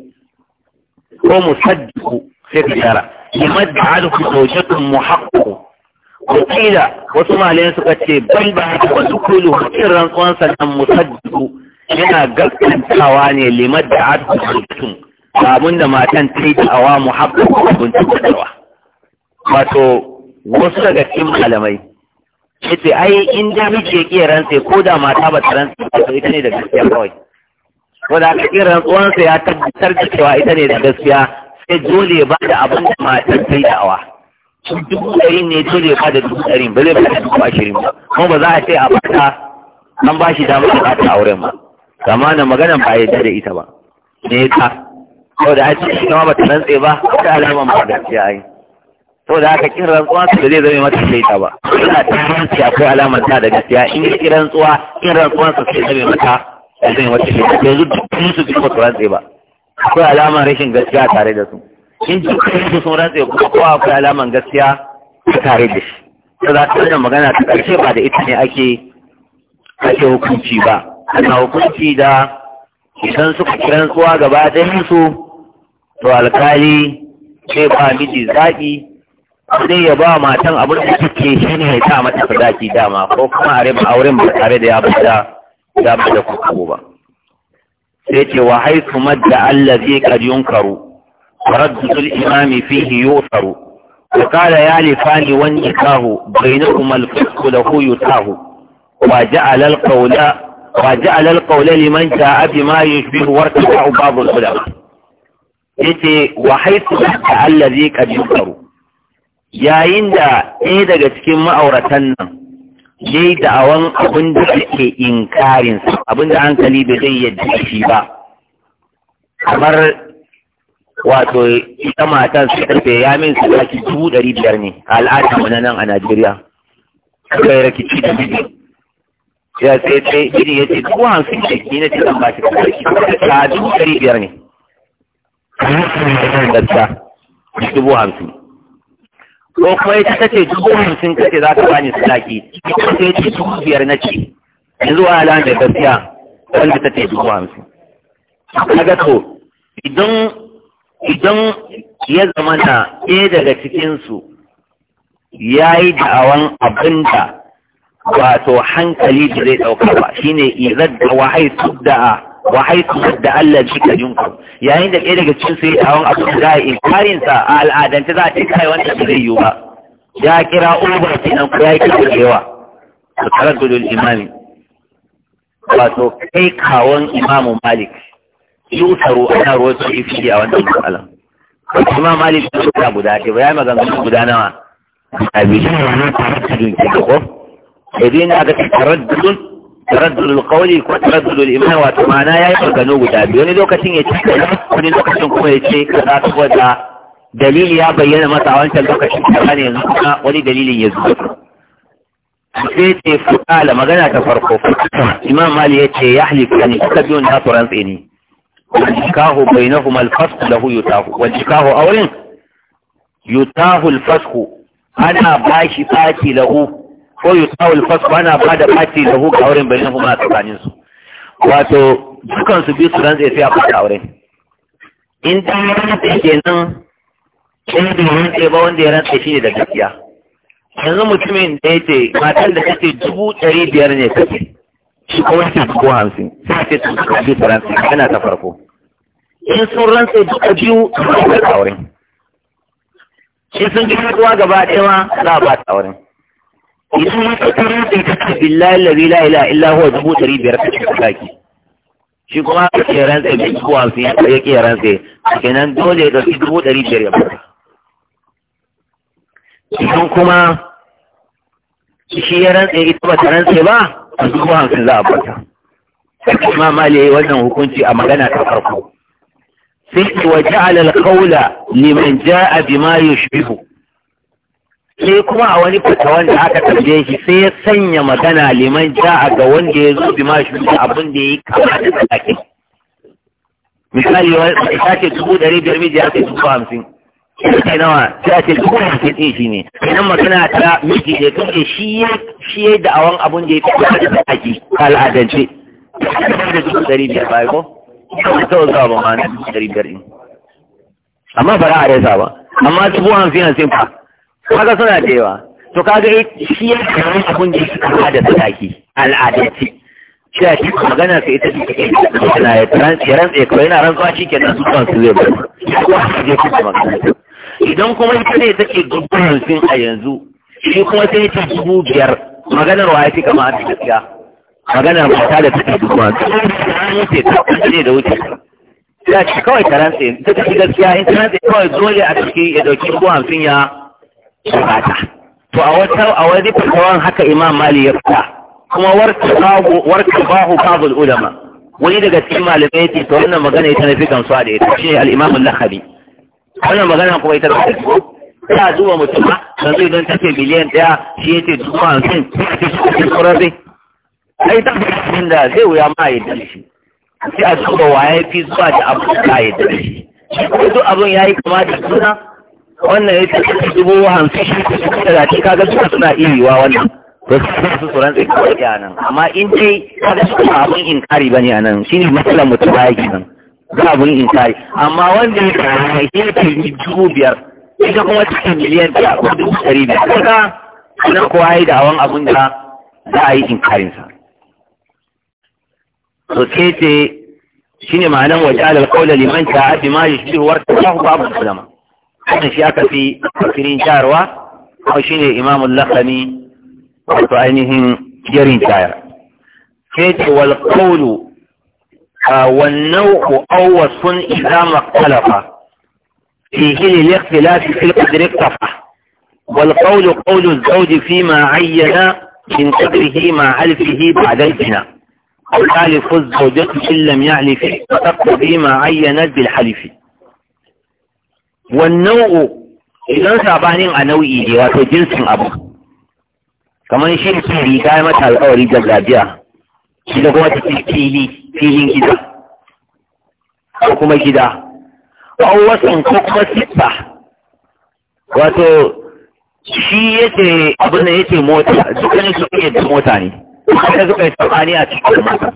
ko musaddiqu sai ka tara. limad'alku zawjatun muhaqqu wakila wasu malayan suka ce bal ba haka wa dukulu hakin rantsuwan sannan musaddu yana gaskantawa ne limar da adu mutum abin da matan ta yi da'awa muhabbar abin tattawa wato wasu daga cikin malamai ce ai in da miji ya kiyar rantsa ko da mata ba ta rantsa ba ita ne da gaskiya kawai ko da aka kiyar rantsuwansa ya tabbatar da cewa ita ne da gaskiya sai dole ba da abin da matar ta yi da'awa su dubu ɗari ne dole ba da dubu ɗari ba zai ba da dubu ashirin ba kuma ba za a ce a bata an ba shi damar da ba ta auren ba kama na maganan ba ya da ita ba ne ta saboda a ce shi kama ba ta rantse ba ta alama ma gaskiya ai saboda haka kin rantsuwa su da zai zama mata ta ba ina ta rantsi akwai alamar ta da gaskiya in yi rantsuwa kin rantsuwa su sai zama mata da zama mata ta yanzu duk su fi ba su rantse ba akwai alaman rashin gaskiya tare da su in dukkanin su sun rantse kuma kowa akwai alaman gaskiya tare da shi ta za ta wannan magana ta ƙarshe ba da ita ne ake ake hukunci ba ana hukunci da idan suka kiran tsuwa gaba ɗayan su to alkali sai ba miji zaɓi sai ya ba matan abin da suke shi ne ya sa mata sadaki dama ko kuma a raba auren ba tare da ya bada ya bada kuku ba sai ce wa haitu madda allazi qad yunkaru taraddud al-imam fihi yusaru wa qala ya li fali wa nikahu bainakuma al-fisq lahu yutahu wa ja'ala al-qawla wa ja'ala al-qawla liman ja'a bima yushbihu wa tarfa'u ba'd al-ulama yace wa haitu madda allazi qad yunkaru yayin da ɗaya daga cikin ma'auratan nan ya da da'awan abin da ake inkarinsa abin da hankali bai zai yadda shi ba kamar wato ita matan su karfe ya min su zaki dubu ɗari biyar ne al'ada mu nan a Najeriya suka yi rikici da biyu ya sai sai iri ya ce dubu hamsin da ki na cikin ba shi ka dubu ɗari biyar ne da dubu hamsin ko kuma ita ta ce dubu hamsin ka ce za ka bani sadaki ita ta ce dubu biyar na ce yanzu a ala da gaskiya wanda ta ce dubu hamsin na ga to idan idan ya zama na ɗaya daga cikinsu ya yi da'awan abin da wato hankali da zai ɗauka ba shine izar da wahai su da'a wa haitu da Allah ji ka yunku yayin da ɗaya daga cikin su ya tawon abin da ya inkarin sa a al'adance za a ce kai wanda ba zai yiwu ba ya kira uba kenan ko ya kira da yawa da taraddudul imami wato kai kawon imamu malik yutaro ana ruwa su ifi a wannan matsalan imam malik ya suka guda ce ba ya maganganu guda nawa a bijin ranar taraddudun ke da ko idan aka taraddudun taraddudul qawli ko taraddudul iman wato ya yayi maganganu guda biyu wani lokacin ya ce wani lokacin kuma ya ce kaza wata dalili ya bayyana masa a wancan lokacin kaza ne yanzu kuma wani dalilin ya zuwa sai ce fukala magana ta farko imam mali ya ce ya halika ne suka biyun na turan tsini wajikahu bainahuma alfasku lahu yutahu wajikahu auren yutahu alfasku ana bashi da lahu ko yutawul fasl ana ba da fati da hu ga wurin bayan kuma a tsakanin su wato dukan su bi su rantsa sai a fara auren in ta rantsa nan, in da rantsa ba wanda ya rantsa shi ne da gaskiya yanzu mutumin da ya ce matan da kake dubu ɗari biyar ne kake shi kuma yake dubu hamsin sai ce tun suka bi su rantsa yana ta farko in sun rantsa duka biyu za a ba ta in sun gina kuwa gaba ɗaya ma za a ba ta wurin idan ma ka tarar da ka ce billahi lazi la ilaha illa huwa dubu ɗari biyar ka ce kaki shi kuma ka ce rantsa bai ko hamsin ya ke rantsa kenan dole da ɗauki dubu ɗari biyar ya fara idan kuma shi ya rantsa ita ba ta rantsa ba a dubu hamsin za a fata ma mali wannan hukunci a magana ta farko sai ki waje alal kaula liman ja'a bima yushbihu sai kuma a wani fata wanda aka tambaye shi sai ya sanya magana liman ja'a ga wanda ya zo bima shi da abin da ya yi kama da tsaki misali ya ce dubu ɗari biyar miji ya ce dubu hamsin sai nawa sai a ce dubu hamsin ɗin shi ne ina magana ta miji ne tun da shi ya shi ya da'awan abin da ya fi kama da sadaki al'adance da dubu ɗari biyar ba ko ta zuwa ba ma na dubu ɗari biyar ɗin amma ba za a rasa ba amma dubu hamsin hamsin fa kaga suna da yawa to kaga eh, shi ya kamar abun da suka hada sadaki al'adance shi ya ci magana sai ita take na ya rantsa ya rantsa kawai yana rantsuwa shi kenan su kan su zai bar je kuma magana idan kuma ita ne take gudunar hamsin a yanzu shi kuma sai ta dubu biyar maganar wa ya fi kama da gaskiya maganar mata da take dubuwa sai ta ne da wuce ya ci kawai ta rantsa ta ci gaskiya in ta rantsa kawai dole a ciki ya dauki dubu hamsin ya shafata to a wata a wani fatawan haka imam mali ya fita kuma warka bahu babul ulama wani daga cikin malamai ce to wannan magana ita na fi gamsuwa da ita shine al-imam al-lahabi wannan magana kuma ita ta ta duba mutum ba yanzu don take miliyan ɗaya, shi yace dubu hamsin sai ta shi kurabe ai ta cikin da zai wuya ma ya dace sai a duba waye fi zuwa da abu da yadda dace shi duk abin ya yi kama da suna wannan ya ce dubu hamsin shi ko dubu talatin kaga duka suna iriwa wannan Ba su su rantsa kawai a nan amma in dai kaga su ba abun inkari ne a nan Shi ne matsalar mutum baya kenan ba abun inkari amma wanda ya kara ya ce dubu biyar ita kuma cikin miliyan biyar ko dubu ɗari biyar kaga nan kowa ya yi dawon abun da za a yi inkarinsa to sai ce shine ma'anan wajen alƙawla liman ta'a bi ma yashbihu warka ba abu salama حقي في أكل في فكرين جاروة أو شيني الإمام اللخني وطعينهم جارين جار فيد والقول آه، والنوع أوص إذا ما اختلف في هل الاختلاف في القدر اقتفى والقول قول الزوج فيما عين من قدره مع ألفه بعد البناء وقال فز زوجته إن لم يعلفه وتقضي ما عينت بالحلفه wannan o, idan sabanin a nau'i ne wato jinsin abu kamar shi ke riga ya mata alƙawari da gajiya shi da kuma tafi fili filin gida ko kuma gida ko wasan ko kuma siffa wato shi yake abin da yake mota dukkanin su iya da mota ne kuma suka yi sabani a cikin mata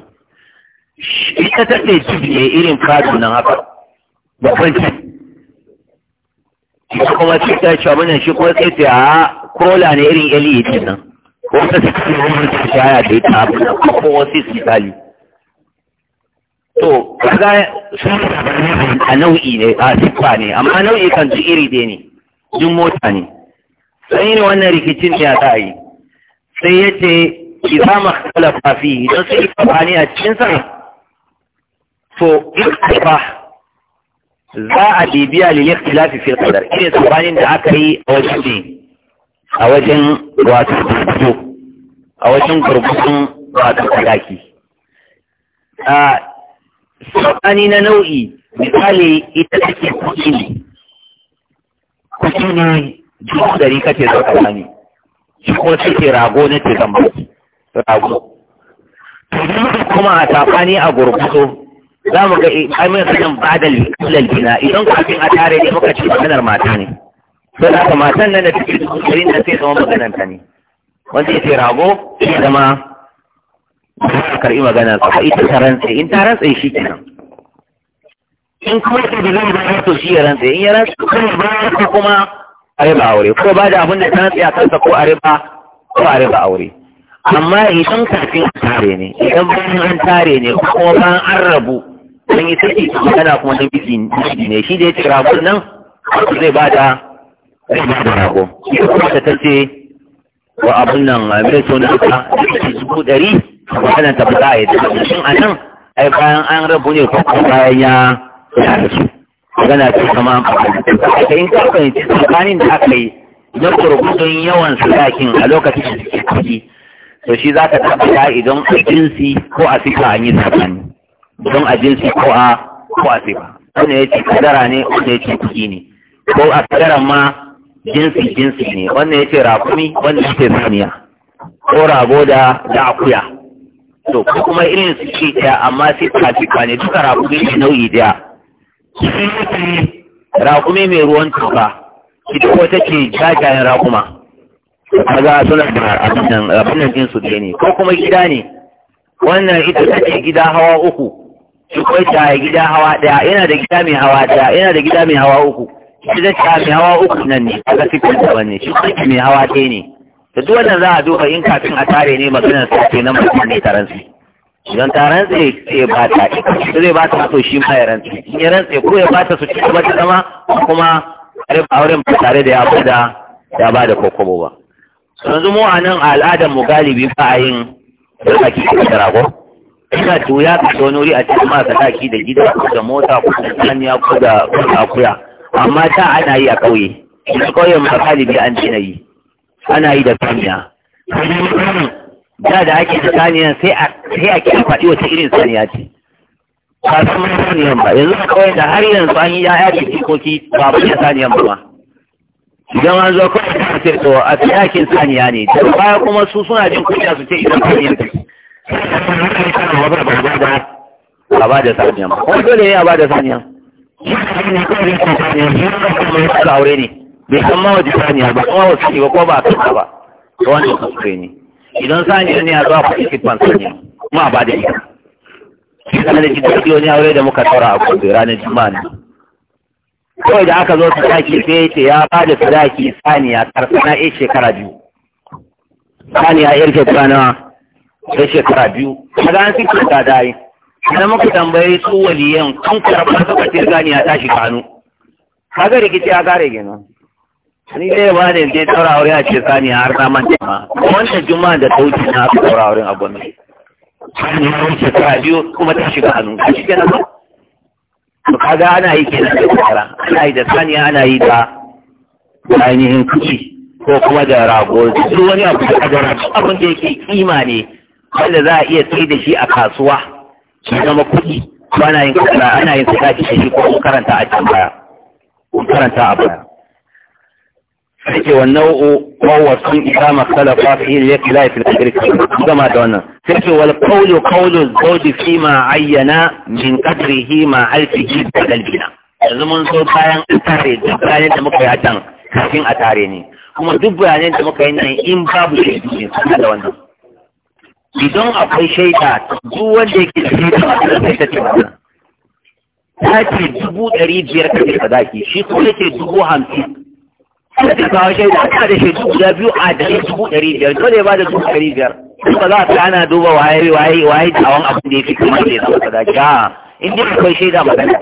ita ta ce jibi irin fadu nan haka babban shi kuma shi ta ce mana shi kuma sai ta a kola ne irin eli ne nan ko ta ce ci wani ta shi haya da ta abin da ko kuma wasu su tali to kaga sun a nau'i ne a siffa ne amma nau'i kan ji iri dai ne jin mota ne sai ne wannan rikicin ya a a yi sai ya ce ki mu makhtalafa fihi don sai ka bani a cikin sa to in ka za a bibiya lil ikhtilafi fil kadar shine sabanin da aka yi a wajen a wajen wato a wajen gurbin wato kadaki a sabani na nau'i misali ita da ke kuɗi ne kuɗi ne dubu da rika ce zaka bani shi kuma ke rago na ce zama rago to kuma a tafani a gurgudu za mu ga eh, ai mai sanin ba da lilal bina idan kafin a tare ne muka ci maganar mata ne sai ka matan nan da take cikin da sai zama maganar ta ne wanda ya ce rago ya zama ba karɓi maganar sa ita ta rantsa in ta rantsa shi kenan in kuma ta da zai bayar to shi ya rantsa in ya rantsa kuma bayar ko kuma a riba aure ko ba da abin da ta rantsa a kansa ko a riba ko a riba aure amma idan kafin a tare ne idan bayan an tare ne ko kuma bayan an rabu don yi saki magana kuma na biki ne shi da ya ce ragon nan zai ba da zai ba da rago shi kuma ta tace wa abun nan a mai so na ka dubu ɗari maganan ta fita ya tafi shin a nan ai bayan an rabu ne ko kuma bayan ya ya rasu magana ta kama an faɗa ta in ka fahimci tsakanin da aka yi na gurgudun yawan sadakin a lokacin da suke kuɗi to shi za ka tabbata idan a jinsi ko a fika an yi tsakani don a jinsi ko a ko a sifa wanda ya ce kadara ne wanda ya ce kuɗi ne ko a kadaran ma jinsi jinsi ne wanda ya ce rakumi wanda ya ce saniya ko rago da da akuya to ko kuma irin su ce ɗaya amma sifa sifa ne duka rakumi ne nau'i ɗaya rakumi mai ruwan tuka ita ko take jajayen rakuma kaga suna da abin nan abin nan ne ko kuma gida ne wannan ita take gida hawa uku shi kuma ta gida hawa daya yana da gida mai hawa daya yana da gida mai hawa uku shi da ta mai hawa uku nan ne daga cikin ta ne. shi kuma mai hawa ɗaya ne da duk wannan za a duba in kafin a tare ne maganar sa ce nan mutum ne ta rantsi idan ta rantsi ce ba ta ita zai ba ta so shi ma ya rantsi in ya rantsi ko ya ba ta su ci gaba ta zama kuma auren ba tare da ya ba da ya ba da kokobo ba yanzu mu a nan a al'adar mu galibi ba a yin da ake kira rago ina to ya ka wani wuri a cikin ma ka saki da gida ko da mota ko da saniya ko da akuya amma ta ana yi a ƙauye ina ƙauyen ma galibi an dina yi ana yi da kaniya da da ake da saniyan sai a sai a faɗi wata irin saniya ce ba san mun saniyan ba yanzu a ƙauyen da har yanzu an yi ya'ya da jikoki ba ba da saniyan ba idan an zo kawai da sai to a tsayakin saniya ne da baya kuma su suna jin kunya su ce idan saniyan ta a ba da saniya kuma dole ne a ba da saniya da aure ne bai san ma waje saniya ba kuma wasu ne ko ba a kasa ba ta wani kuskure ne idan saniya ne a zuwa kuɗi kifan saniya kuma a ba da ita shi kana da gidan ne, aure da muka tsara a kudu ranar juma'a ne kawai da aka zo sadaki sai ya ce ya ba da sadaki saniya karsana ya shekara biyu saniya yar shekara nawa da shekara biyu kaga an sike ta dai na muka tambaye su waliyan kun karba suka ce gani ya tashi kanu kaga rikici ya gare gina ni dai ba ne dai daura aure a cikin sani har na manta ma wannan juma'a da ta wuce na aka daura auren a gwamnati sani ya wuce ta biyu kuma ta shiga hannu ta shiga na ba kaga ana yi kenan da tsara ana yi da sani ana yi da ainihin kuci ko kuma da rago duk wani abu da kadara abin da yake kima ne wanda za a iya sai da shi a kasuwa shi zama kuɗi ko ana yin kuɗa ana yin sakaci da shi ko karanta a can baya karanta a baya sai wannan ووصن إذا ما اختلف فيه الاختلاف في الأجر كما دون فكر والقول قول الزوج فيما عين من ma مع ألفه بقلبنا yanzu mun so bayan an tare duk bayanin da muka yi a can kafin a tare ne kuma duk bayanin da muka yi nan in babu shaidu ne kuma da wannan idan akwai shaida duk wanda yake da shaida a kan ta ce ba ta ce dubu ɗari biyar ka ce sadaki shi ko yake dubu hamsin ta ce kawo shaida ta da shaidu guda biyu a dari dubu ɗari biyar ko ne ba da dubu ɗari biyar ba za a fi ana duba waye waye waye tsawon abin da ya fi kamar da ya zama sadaki a in dai akwai shaida magana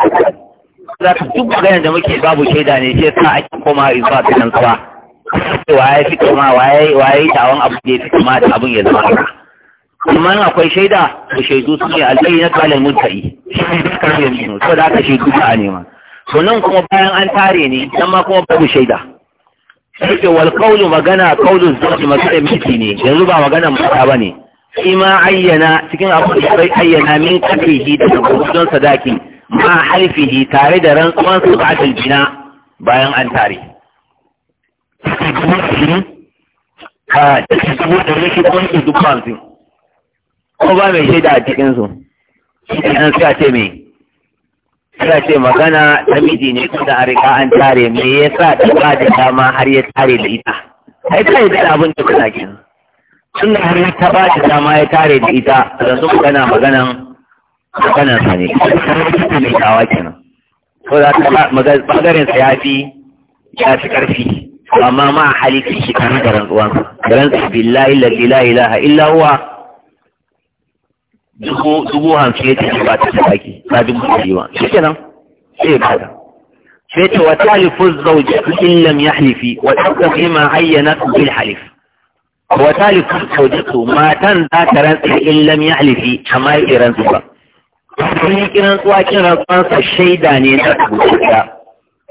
za ta duk magana da muke babu shaida ne shi sa ake koma zuwa ta nan tsawa waye fi kama waye waye tsawon abin da ne fi kama da abin ya zama amma akwai shaida da shaidu su ne albayyana ta alal mudda'i shaida kan yanzu to da aka shaidu ba a nema to nan kuma bayan an tare ne nan ma kuma babu shaida sai wal qawlu magana qawlu zati magana miki ne yanzu ba magana mata bane shi ma ayyana cikin abu da bai ayyana min kafihi da gudun sadaki ma haifihi tare da rantsuwan su ba jina bayan an tare ka da shi da shi kwanci duk hamsin ko ba mai shaida a cikin su. shi ne an suka ce me suka ce magana ta miji ne tunda a rika an tare me yasa ta ba da dama har ya tare da ita ai ta yi da abin da kuna kenan da har ya ta ba da dama ya tare da ita yanzu magana maganan maganan sa ne ta mai kawa kenan ko za ta bangaren sa ya fi ya fi karfi amma ma halittar shi kan da rantsuwansa da rantsu billahi la ilaha illa huwa dubu hamsin ya ce ba ta sadaki ba dubu ɗari ba shi kenan sai ya bada sai ta wata halifus zaujatu in lam halifi, wa tasdiqi ma su bil halif wa talifus zaujatu matan za ta rantsa in lam halifi, amma ya rantsa ba sun yi kiran tsuwa kiran tsuwansa shaida ne na rubuta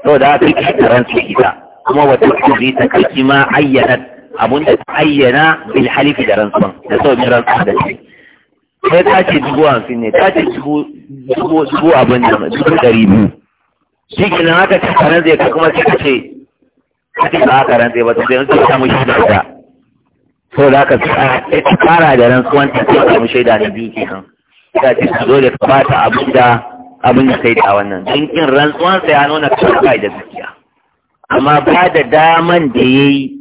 saboda haka ta kiran su ita kuma wata kuri ta kalki ma ayyana abinda ta ayyana bil halifi da rantsuwan da sauƙin rantsuwa da shi sai ta ce dubu hamsin ne ta ce dubu abin da dubu ɗari biyu shi nan haka ce karan zai ka kuma sai ka ce ka ce ba haka ran zai ba zai ta samu shaida da so da haka sai ta kara da suwan ta sai samu shaida da biyu kan ta ce su zo da ka bata abin da abin da sai da wannan don kin suwan sai ya nuna ka ba da gaskiya amma ba da daman da ya yi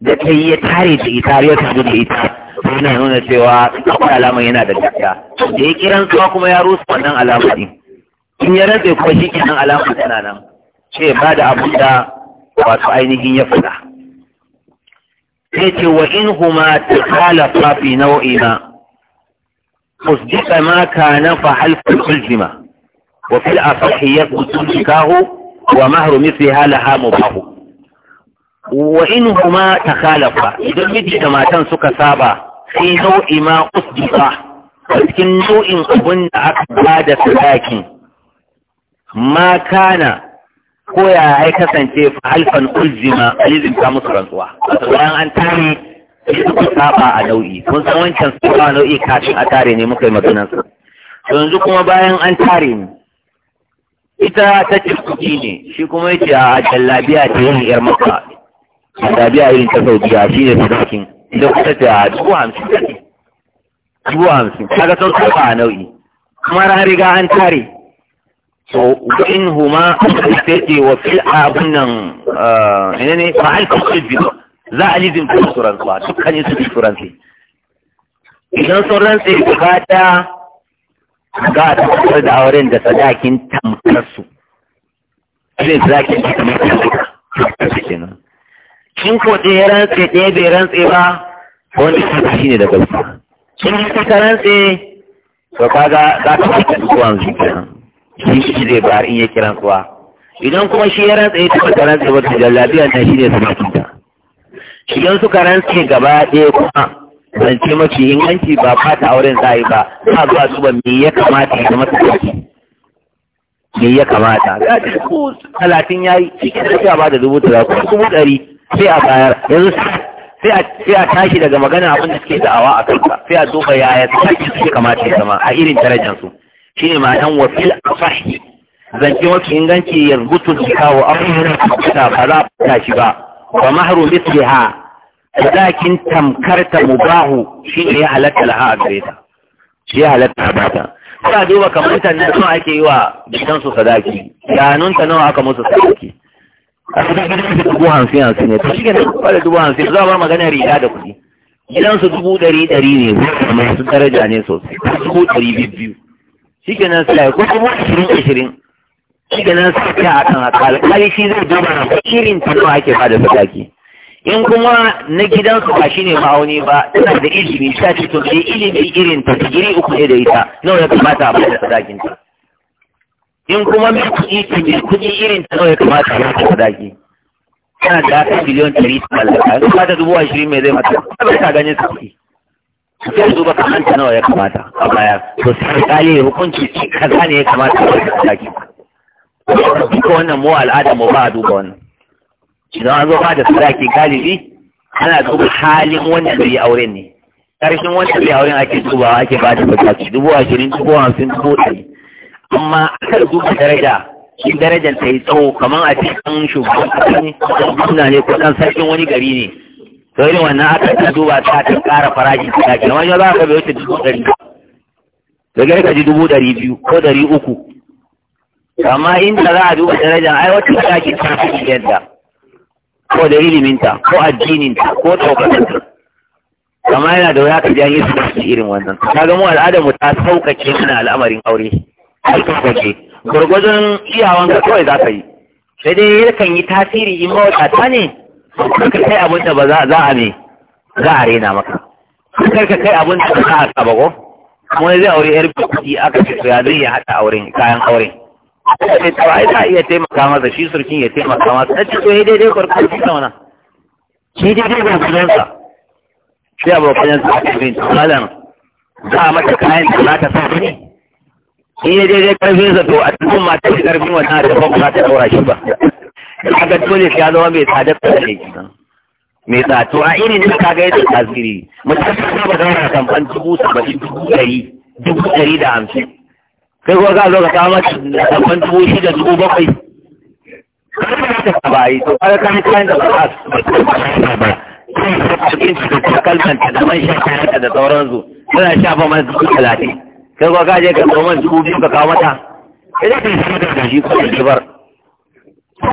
da ta yi ya tare da ita ya tare da ita to yana nuna cewa akwai alama yana da gaskiya da ya kiran suwa kuma ya rusa wannan alama din in ya rantse kuma shi kenan alama tana nan ce ba da abun da wato ainihin ya faɗa sai ce wa in huma ta kala fafi nau'i ma musdika ma kana fa halfin ulzima wa fil asahi yasbutu kahu wa mahru mithliha laha mubahu wa in huma takhalafa idan miji da matan suka saba fi nau'i ma usdiqa a cikin nau'in abin da aka ba da sadakin ma kana ko ya ya kasance fa alfan ulzima alizin ta musu rantsuwa bayan an tare suka saba a nau'i kun san wancan su ba nau'i kafin a tare ne muka yi maganar su yanzu kuma bayan an tare ne ita ta ce kuɗi ne shi kuma yace a jallabiya ta yin yar maka jallabiya yin ta saudiya shi ne sadakin idan kuka ta dubu hamsin ta ne dubu hamsin kaga sun saba a nau'i kuma na riga an tare so in huma ta ce wa fil abun nan eh, ne ne fa'al kamar biyu za a lizin kuma su rantsuwa dukkanin su su rantsi idan sun rantsi bukata ga a tabbatar da auren da sadakin tamkar su irin sadakin da kamar su kenan sun ko ɗaya rantse ɗaya bai rantse ba wanda ya shi ne da gaskiya sun yi ta rantse to kaga za ka fi kasuwan zuciya shi shi zai bayar in ya kiran kuwa idan kuma shi ya rantse ya taɓa rantse ba to jallabiya na shi ne su makinta idan suka rantse gaba ɗaya kuma zance mafi inganci ba fata auren za yi ba ba zuwa su ba me ya kamata ya masa sauki me ya kamata za ta talatin ya yi cikin da ba da dubu talatin dubu dari?" sai a bayar yanzu sai a tashi daga magana abin da suke da'awa a kanka sai a duba yaya tsaki suke kamata ya zama a irin darajar su shine ma'anan wasil afahi zance wasu inganci ya rubutu da kawo abin da ba za a tashi ba wa mahru mithliha lakin tamkarta mubahu shine ya halatta laha a gare ta shi ya halatta a bata sai a duba kamar ta nawa ake yi wa dukkan su sadaki yanun ta nawa aka musu sadaki a cikin gidan su dubu hamsin hamsin ne to shi ne kuma da dubu hamsin za a bar magana riga da kuɗi gidansu dubu ɗari ɗari ne masu daraja ne sosai dubu ɗari biyu biyu shi ke nan sai ko dubu ashirin ashirin shi ke nan sai a kan haka alƙali shi zai duba irin tano ake ba da sadaki in kuma na gidansu ba shi ne ma'auni ba tana da ilimi ta ce to ilimi irin ta digiri uku ne da ita nawa ya kamata a ba da sadakinta in kuma mai kuɗi ta mai kuɗi irin ta ya kamata ya da sadaki yana da aka miliyon ɗari ta mallaka in kuma ta dubu ashirin mai zai mata ba ta ganin sauki sai duba kaman ta nawa ya kamata a baya to sai kale hukunci ce kaza ne ya kamata a ta sadaki duka wannan mu al'ada mu ba a duba wannan idan an zo ba da sadaki galibi ana duba halin wannan da yi auren ne wannan da ya auren ake dubawa ake ba da sadaki dubu ashirin dubu hamsin dubu ɗari amma kar duba daraja shi darajar ta yi tsawo kamar a cikin shugaban kasa ne gwamna ne ko dan sarkin wani gari ne to irin wannan aka ta duba ta ta ƙara faraji ta kake wani za ka bai wuce dubu ɗari da gari ka ji dubu ɗari biyu ko ɗari uku amma inda za a duba darajar ai wata ta ke ta fi yadda ko da iliminta ko addininta ko ɗaukatarta kamar yana da wuya ka ji an yi su irin wannan ga mu al'adar mu ta sauƙaƙe mana al'amarin aure aikin gwaje iyawan ka kawai za ka yi sai dai yakan yi tasiri in mawadata ne ka kai abin da ba za a ne za a rena maka kar ka kai abin da ba za a saba ko wani zai aure yar kuɗi aka fi ya zai ya haɗa auren kayan auren sai ta ai za a iya taimaka masa shi surkin ya taimaka masa na cikin to daidai gwargwadon shi ta wana shi daidai gwargwadon sa sai abokan yanzu a cikin malam za a mata kayan da za ta sa ne in ya daidai karfin sa to a cikin matar shi karfin wata a cikin ba ta daura shi ba kaga dole sai ya zama mai tsada ne mai tsato a irin da kaga yadda tasiri mutum ta ba daura kamfan dubu saba'in dubu ɗari dubu ɗari da hamsin kai kuma ka zo ka kawo mata kamfan dubu shida dubu bakwai kada da ba yi to kan kayan da ba a ba sai ka cikin cikin kalmanta da man shan kayan da sauransu suna shafa man su ba kai kuwa kaje kan kawo dubu biyu ka kawo mata sai dai ka yi mata da shi kuma da bar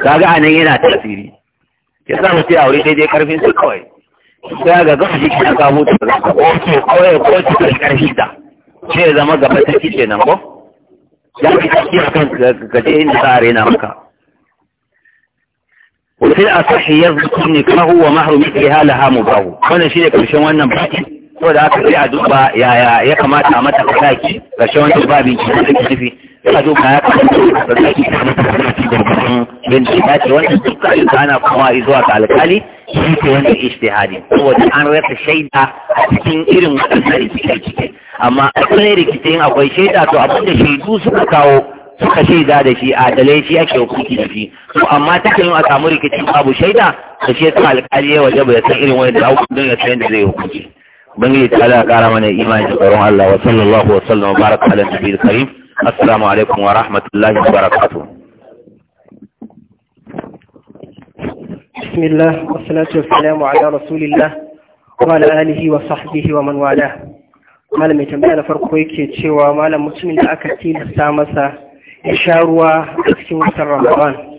kaga anan yana tasiri ke sa mutai aure dai dai karfin su kawai sai ga ga shi kina kawo ta ko ce ko ya ko ci da karfin da ce zama gaba ta kike nan ko ya ki tafiya kan ka je inda za a rena maka وفي الأصح يذكر نكره ومهر مثلها لها مبره. هنا شيء كل شيء وانا بحكي to da aka sai a duba yaya ya kamata a mata fasaki ga shi wani ba binci da take nufi ya duba ya kamata da saki da mata fasaki da kan binci ta ce wannan duka ayyuka ana kuma zuwa ga alkali shi ke wanda ijtihadi saboda an rasa shaida a cikin irin waɗannan rikice amma a cikin rikicin akwai shaida to abin da shaidu suka kawo suka shaida da shi dalai shi ake hukunci da shi to amma ta kan a samu rikicin babu shaida da shi ya sa alkali ya waje bai san irin wani da hukuncin ya san yadda zai hukunci ubangiji ta ala kara mana imani da tsaron Allah wa sallallahu wa sallam wa baraka ala nabiyil karim assalamu alaikum wa rahmatullahi wa barakatuh بسم الله والصلاة والسلام على رسول الله وعلى آله وصحبه ومن والاه malam mai tambaya na farko yake cewa malam mutumin da aka tilasta masa ya sha ruwa a cikin watan Ramadan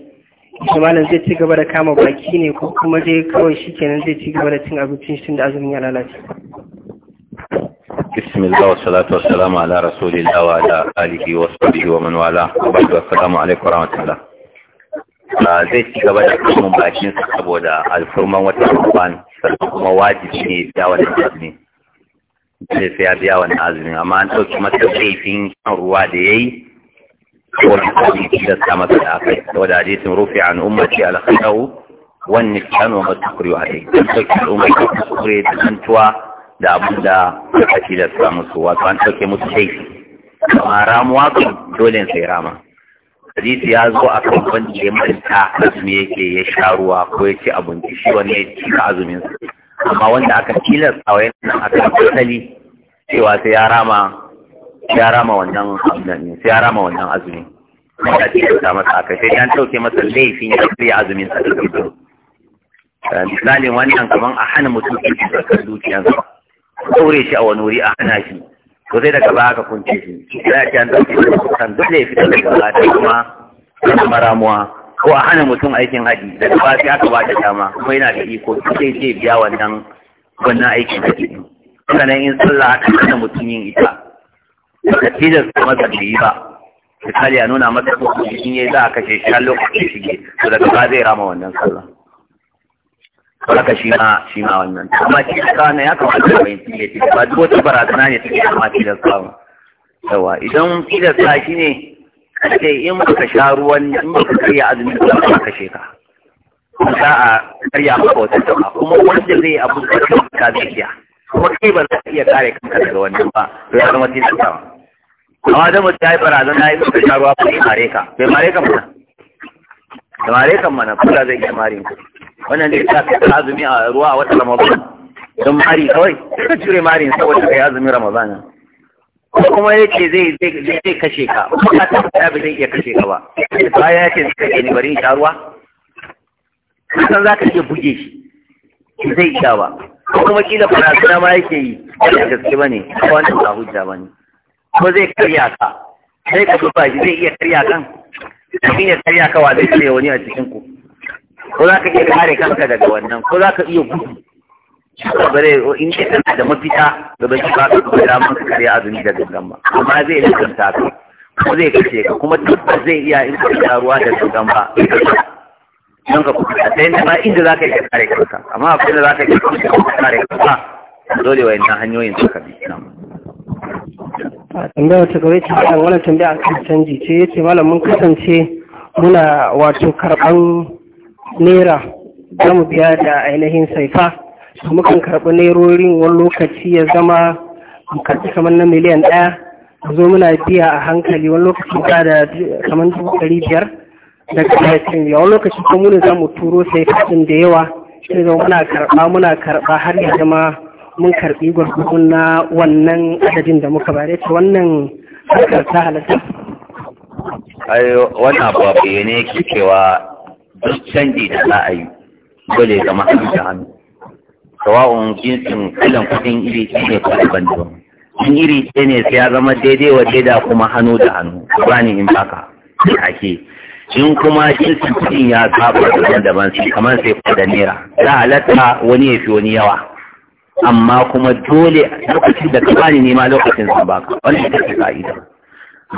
shi malam zai ci gaba da kama baki ne ko kuma dai kawai shi kenan zai ci gaba da cin abincin shi da azumin ya lalace بسم الله والصلاة ala على wa الله wa آله وصحبه ومن والاه وبعد السلام عليكم ورحمة الله zai ci gaba da kama bakin saboda alfurman wata ramadan sannan kuma wajibi ne ya wannan azumi sai ya biya wannan azumi amma an ɗauki masa laifin shan ruwa da yayi والحديث إذا استعمت الآخر والحديث رفع عن أمتي على خيره والنسان وما تقري عليه تنسك الأمة تقري أنتوا da abin da aka tilasta musu wato an ɗauke musu laifi amma ramuwa kan dole sai rama hadisi ya zo a kan wanda ya manta azumi yake ya sha ruwa ko ya ci abinci shi wani cika amma wanda aka tilasta wa yana aka ya rama ya rama wannan azumin sai ya rama wannan azumin ya ce ta masa aka sai an ɗauke masa laifin ya sai azumin sa daga gudu eh, misalin wannan kaman a hana mutum ɗin zakar dukiyansa ɗaure shi a wani wuri a hana shi to sai daga baya ka kunce shi sai ce an ɗauke masa kan duk laifi da daga ta kuma kuma ramuwa ko a hana mutum aikin haji daga baya sai aka ba da dama kuma yana da iko sai zai biya wannan wannan aikin haji sannan in sallah aka hana mutum yin ita daga tilas da masa bai yi ba misali a nuna masa ko in yi za a kashe shi har lokacin shige to daga ba zai rama wannan sallah haka shi ma shi ma wannan amma shi ka na ya kamata ka yi ne ce ba duk wata barazana ne take kama tilas ba yawa idan tilas sa shi ne kace in baka sha ruwan in baka karya azumi ba ka kashe ka za a karya maka wata jama'a kuma wanda zai abu da ka zai iya kuma kai ba za ka iya kare kanka daga wannan ba to ya zama tilas ba amma da mutum ya yi barazan ya yi suka sha ruwa kuma mare ka bai mare ka mana da mare ka mana kula zai iya mare ku wannan zai sa ka azumi a ruwa a wata ramadan don mari kawai ka jure marin saboda kai azumin ramadan ko kuma ya ce zai zai kashe ka ko ka tabbata ba zai iya kashe ka ba baya ya ce zai kashe ni bari in sha ruwa san za ka iya buge shi ki zai iya ba ko kuma kila barazana ma yake yi ba gaske ba ne ba wannan ba hujja ba ne ko zai karya ka sai ka duba shi zai iya karya kan cikin ya karya ka wa zai karya wani a cikin ku ko za ka iya kare kanka daga wannan ko za ka iya gudu shaka bare in ce kana da mafita da bai ba ka da mun ka karya azumi da gangan ba amma zai lantanta ka ko zai kace ka kuma tabbas zai iya in ka sha ruwa da gangan ba don ka kuka ta tsayin ba inda za ka iya kare kanka amma akwai da za ka iya kare kanka dole yanzu hanyoyin suka bi tambaya ta gaba ce kan wannan tambaya kan canji ce yace malam mun kasance muna wato karɓan naira za mu biya da ainihin saifa su mukan karɓi nairorin wani lokaci ya zama karɓi kamar na miliyan ɗaya zo muna biya a hankali wani lokaci ba da kamar dubu ɗari biyar daga biya wani lokaci kuma muna za mu turo saifa ɗin da yawa sai zama muna karɓa muna karɓa har ya zama mun karbi gwargwadon na wannan adadin da muka bare ta wannan harkar ta halatta ayo wannan abu a bayyane yake cewa duk canji da za a yi dole ga hannu da hannu tawa'un jinsin kalan kudin iri ne ko daban-daban in iri ce ne sai ya zama daidai wa daida kuma hannu da hannu ba ni in baka ake in kuma jinsin kudin ya saba daban-daban sai kamar sai da naira za a latta wani ya fi wani yawa amma kuma dole lokacin da ka bani nema lokacin zan baka wani ita ce ka'ida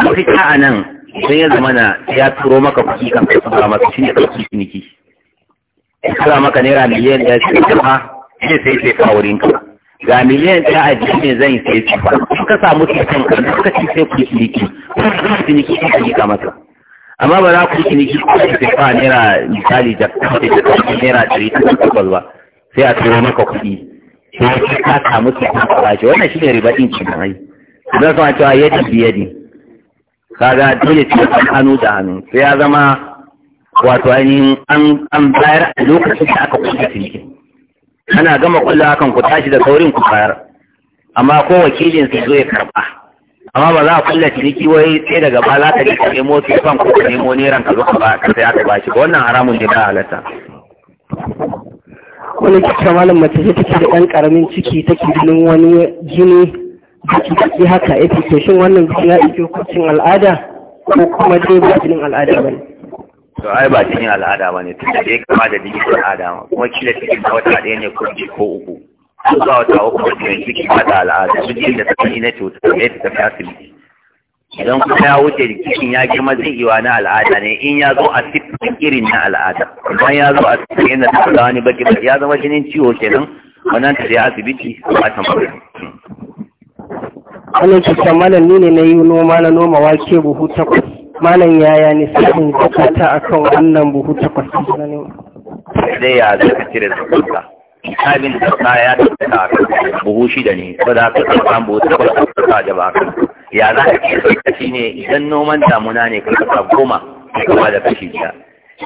mafita a nan sai ya zama na ya turo maka kuɗi kan ka ba masu shi ne ɗauki ciniki ya tsara maka naira miliyan ɗaya sai ba shi sai sai ka wurin ka ga miliyan ɗaya a jiki ne zan yi sai ci ba in ka samu cikin ka lokaci sai ku ciniki kuma ka ciniki sai ka yi ka masa amma ba za ku ciniki ko da sai fa naira misali da kuma da naira ɗari ta takwas ba sai a turo maka kuɗi sai ka ka samu ki ka wannan shi wannan riba din ki nan idan kuma cewa yadi biyadi kaga dole sai an hannu da hannu sai ya zama wato ainihin an bayar a lokacin da aka kulla cinikin ana gama kulla hakan ku tashi da saurin ku bayar amma ko wakilin su zo ya karba amma ba za a kulla ciniki wai sai daga ba za ka ji ka nemo tufan ko ka nemo neran ka zo ka ba ka sai aka ba shi ba wannan haramun ne ba halatta wani kika malam mace ce take da ɗan ƙaramin ciki take ginin wani jini jiki ciki haka ya eh, fi shin wannan jini ya ɗauki hukuncin al'ada ko kuma dai ba jinin al'ada ba ne. to ai ba jinin al'ada ba ne tun da ya kama da jinin al'ada ma kuma kila cikin da wata ɗaya ne ko biyu ko uku su zuwa wata uku da ciki ba da al'ada su jini da ta na cuta ɗaya ta tafi asibiti idan kuma ya wuce rikicin ya girma zai iya na al'ada ne in ya zo a siffin irin na al'ada kuma ya zo a siffin inda ta da wani baki ya zama jinin ciwo kenan wannan ta ya asibiti a tambayi wannan cuta malam ni ne na yi noma na noma wake buhu takwas malam yaya ne samun zakata akan wannan buhu takwas dai ya zaka cire zakata abin da ya ta buhu shida ne za ka an buhu takwas da ba ka ya za ka ce sauka shi ne idan noman damuna ne ka kasa goma ka kama da kashi biya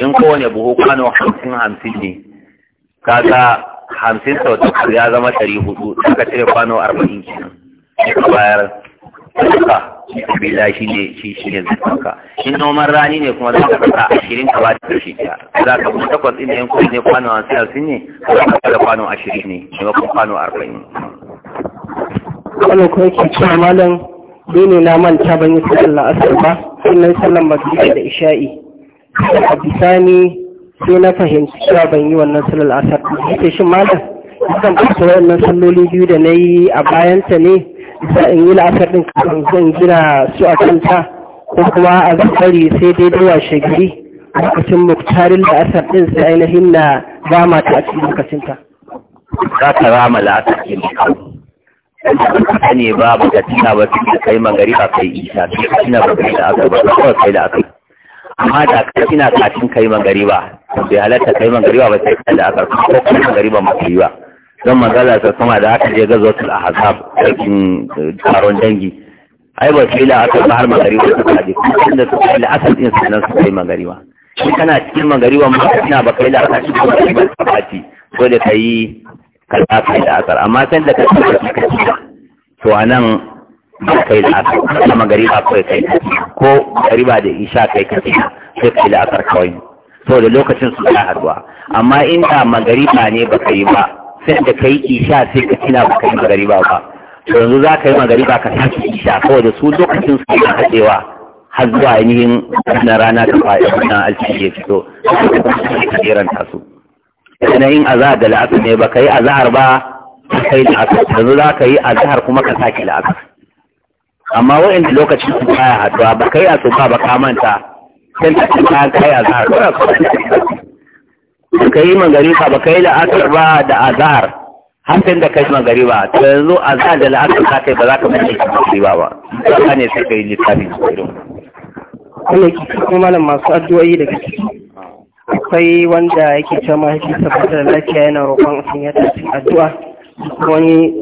in kowane buhu kwano hamsin hamsin ne kaga hamsin sau takwas ya zama ɗari hudu ka cire kwano arba'in kenan ka bayar zaka kabila shi ne shi shi ne zakanka in noman rani ne kuma zaka kasa ashirin ka ba da kashi biya za ka kuma takwas ɗin da yan ne kwano hamsin hamsin ne za ka da kwano ashirin ne maimakon kwano arba'in. Wannan kuma ke cewa malam dole na manta ban yi sallar asar ba sannan sallar magriba da isha'i a bisani sai na fahimci cewa ban yi wannan sallar asar ba sai shin malam zan fasa wannan salloli biyu da na yi a bayanta ne za in yi la'asar ɗin kafin zan gina su a kanta ko kuma a zakari sai dai dawa shagiri lokacin muktarin la'asar ɗin sai ainihin na rama ta a cikin lokacinta. Za ta rama la'asar ɗin kawai. ne ba ba ka tuna ba su kai magari ba kai isa su ka tuna ba kai da aka ba kawai kai da aka amma da ka tuna kafin kai magari ba bai halatta kai magari ba sai kai da aka ko kai magari ba masu yi ba don magana ta sama da aka je a ahzab sarkin taron dangi ai ba sai da aka ba har magari ba su kaje kuma da su kai da aka din sanan su kai magari ba shi kana cikin magari ba ma tuna ba kai da aka ci ba kai ba ci dole kai kai ba kai da asar amma san da kai ka ci to anan ba kai da asar kuma magariba ba kai ka ko ba da isha kai ka sai kai da asar kawai to da lokacin su da haduwa amma inda magariba ne ba kai ba sai da kai isha sai ka tina ba kai magari ba to yanzu za ka yi magariba ka tashi isha da su lokacin su ya hadewa har zuwa ainihin na rana ta faɗi wannan alfi ya fito sai ka tashi ka jeranta su na yin azahar da la'asar ne ba ka yi azahar ba ka yi la'asar yanzu za ka yi azahar kuma ka sake la'asar amma da lokacin su baya haduwa ba ka yi asuba ba ka manta sai ta ci ka yi azahar ba ka yi magariba ba ka yi la'asar ba da azahar hafin da kai ba to yanzu azahar da la'asar ka ba za ka mai magariba ba ba ne sai ka yi littafin su irin. Allah ya kuma malam masu addu'o'i daga ciki. akwai wanda yake cewa mahaifinsa ba da lafiya yana roƙon sun ya tafi addu'a wani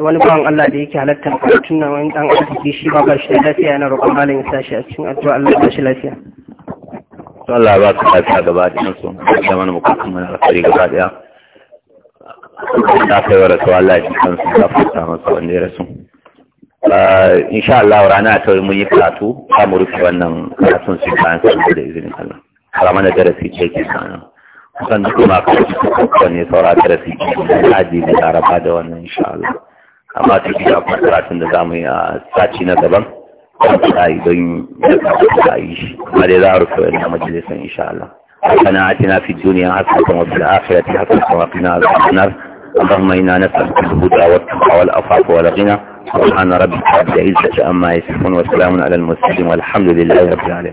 wani bawan Allah da yake halartar karatun nan wani dan arziki shi ba ba shi da lafiya yana roƙon malam ya sashi a cikin addu'a Allah ba shi lafiya Allah ba ka lafiya gaba da su da mana mukaddin mana alkhairi gaba daya ta kai wa rasuwa Allah ya san su da fata masa wanda ya rasu ah, insha Allah rana ta mun yi karatu za mu rufe wannan karatun su bayan sabu da izinin Allah حرمان درسی چیزی کنه خوند که ما کنی کنی سورا درسی چیزی عزیز دارا بادوانه انشاءالله اما تکی که اپنی سراتن دامی ساچی ندبن کنسای دویم دویش مده دارو کنی مجلس انشاءالله حسنا آتنا في الدنيا حسنة وفي الآخرة حسنة وقنا عذاب النار اللهم إنا نسألك الهدى والتقى والعفاف والغنى سبحان ربك رب العزة عما يصفون وسلام على المسلمين والحمد لله رب العالمين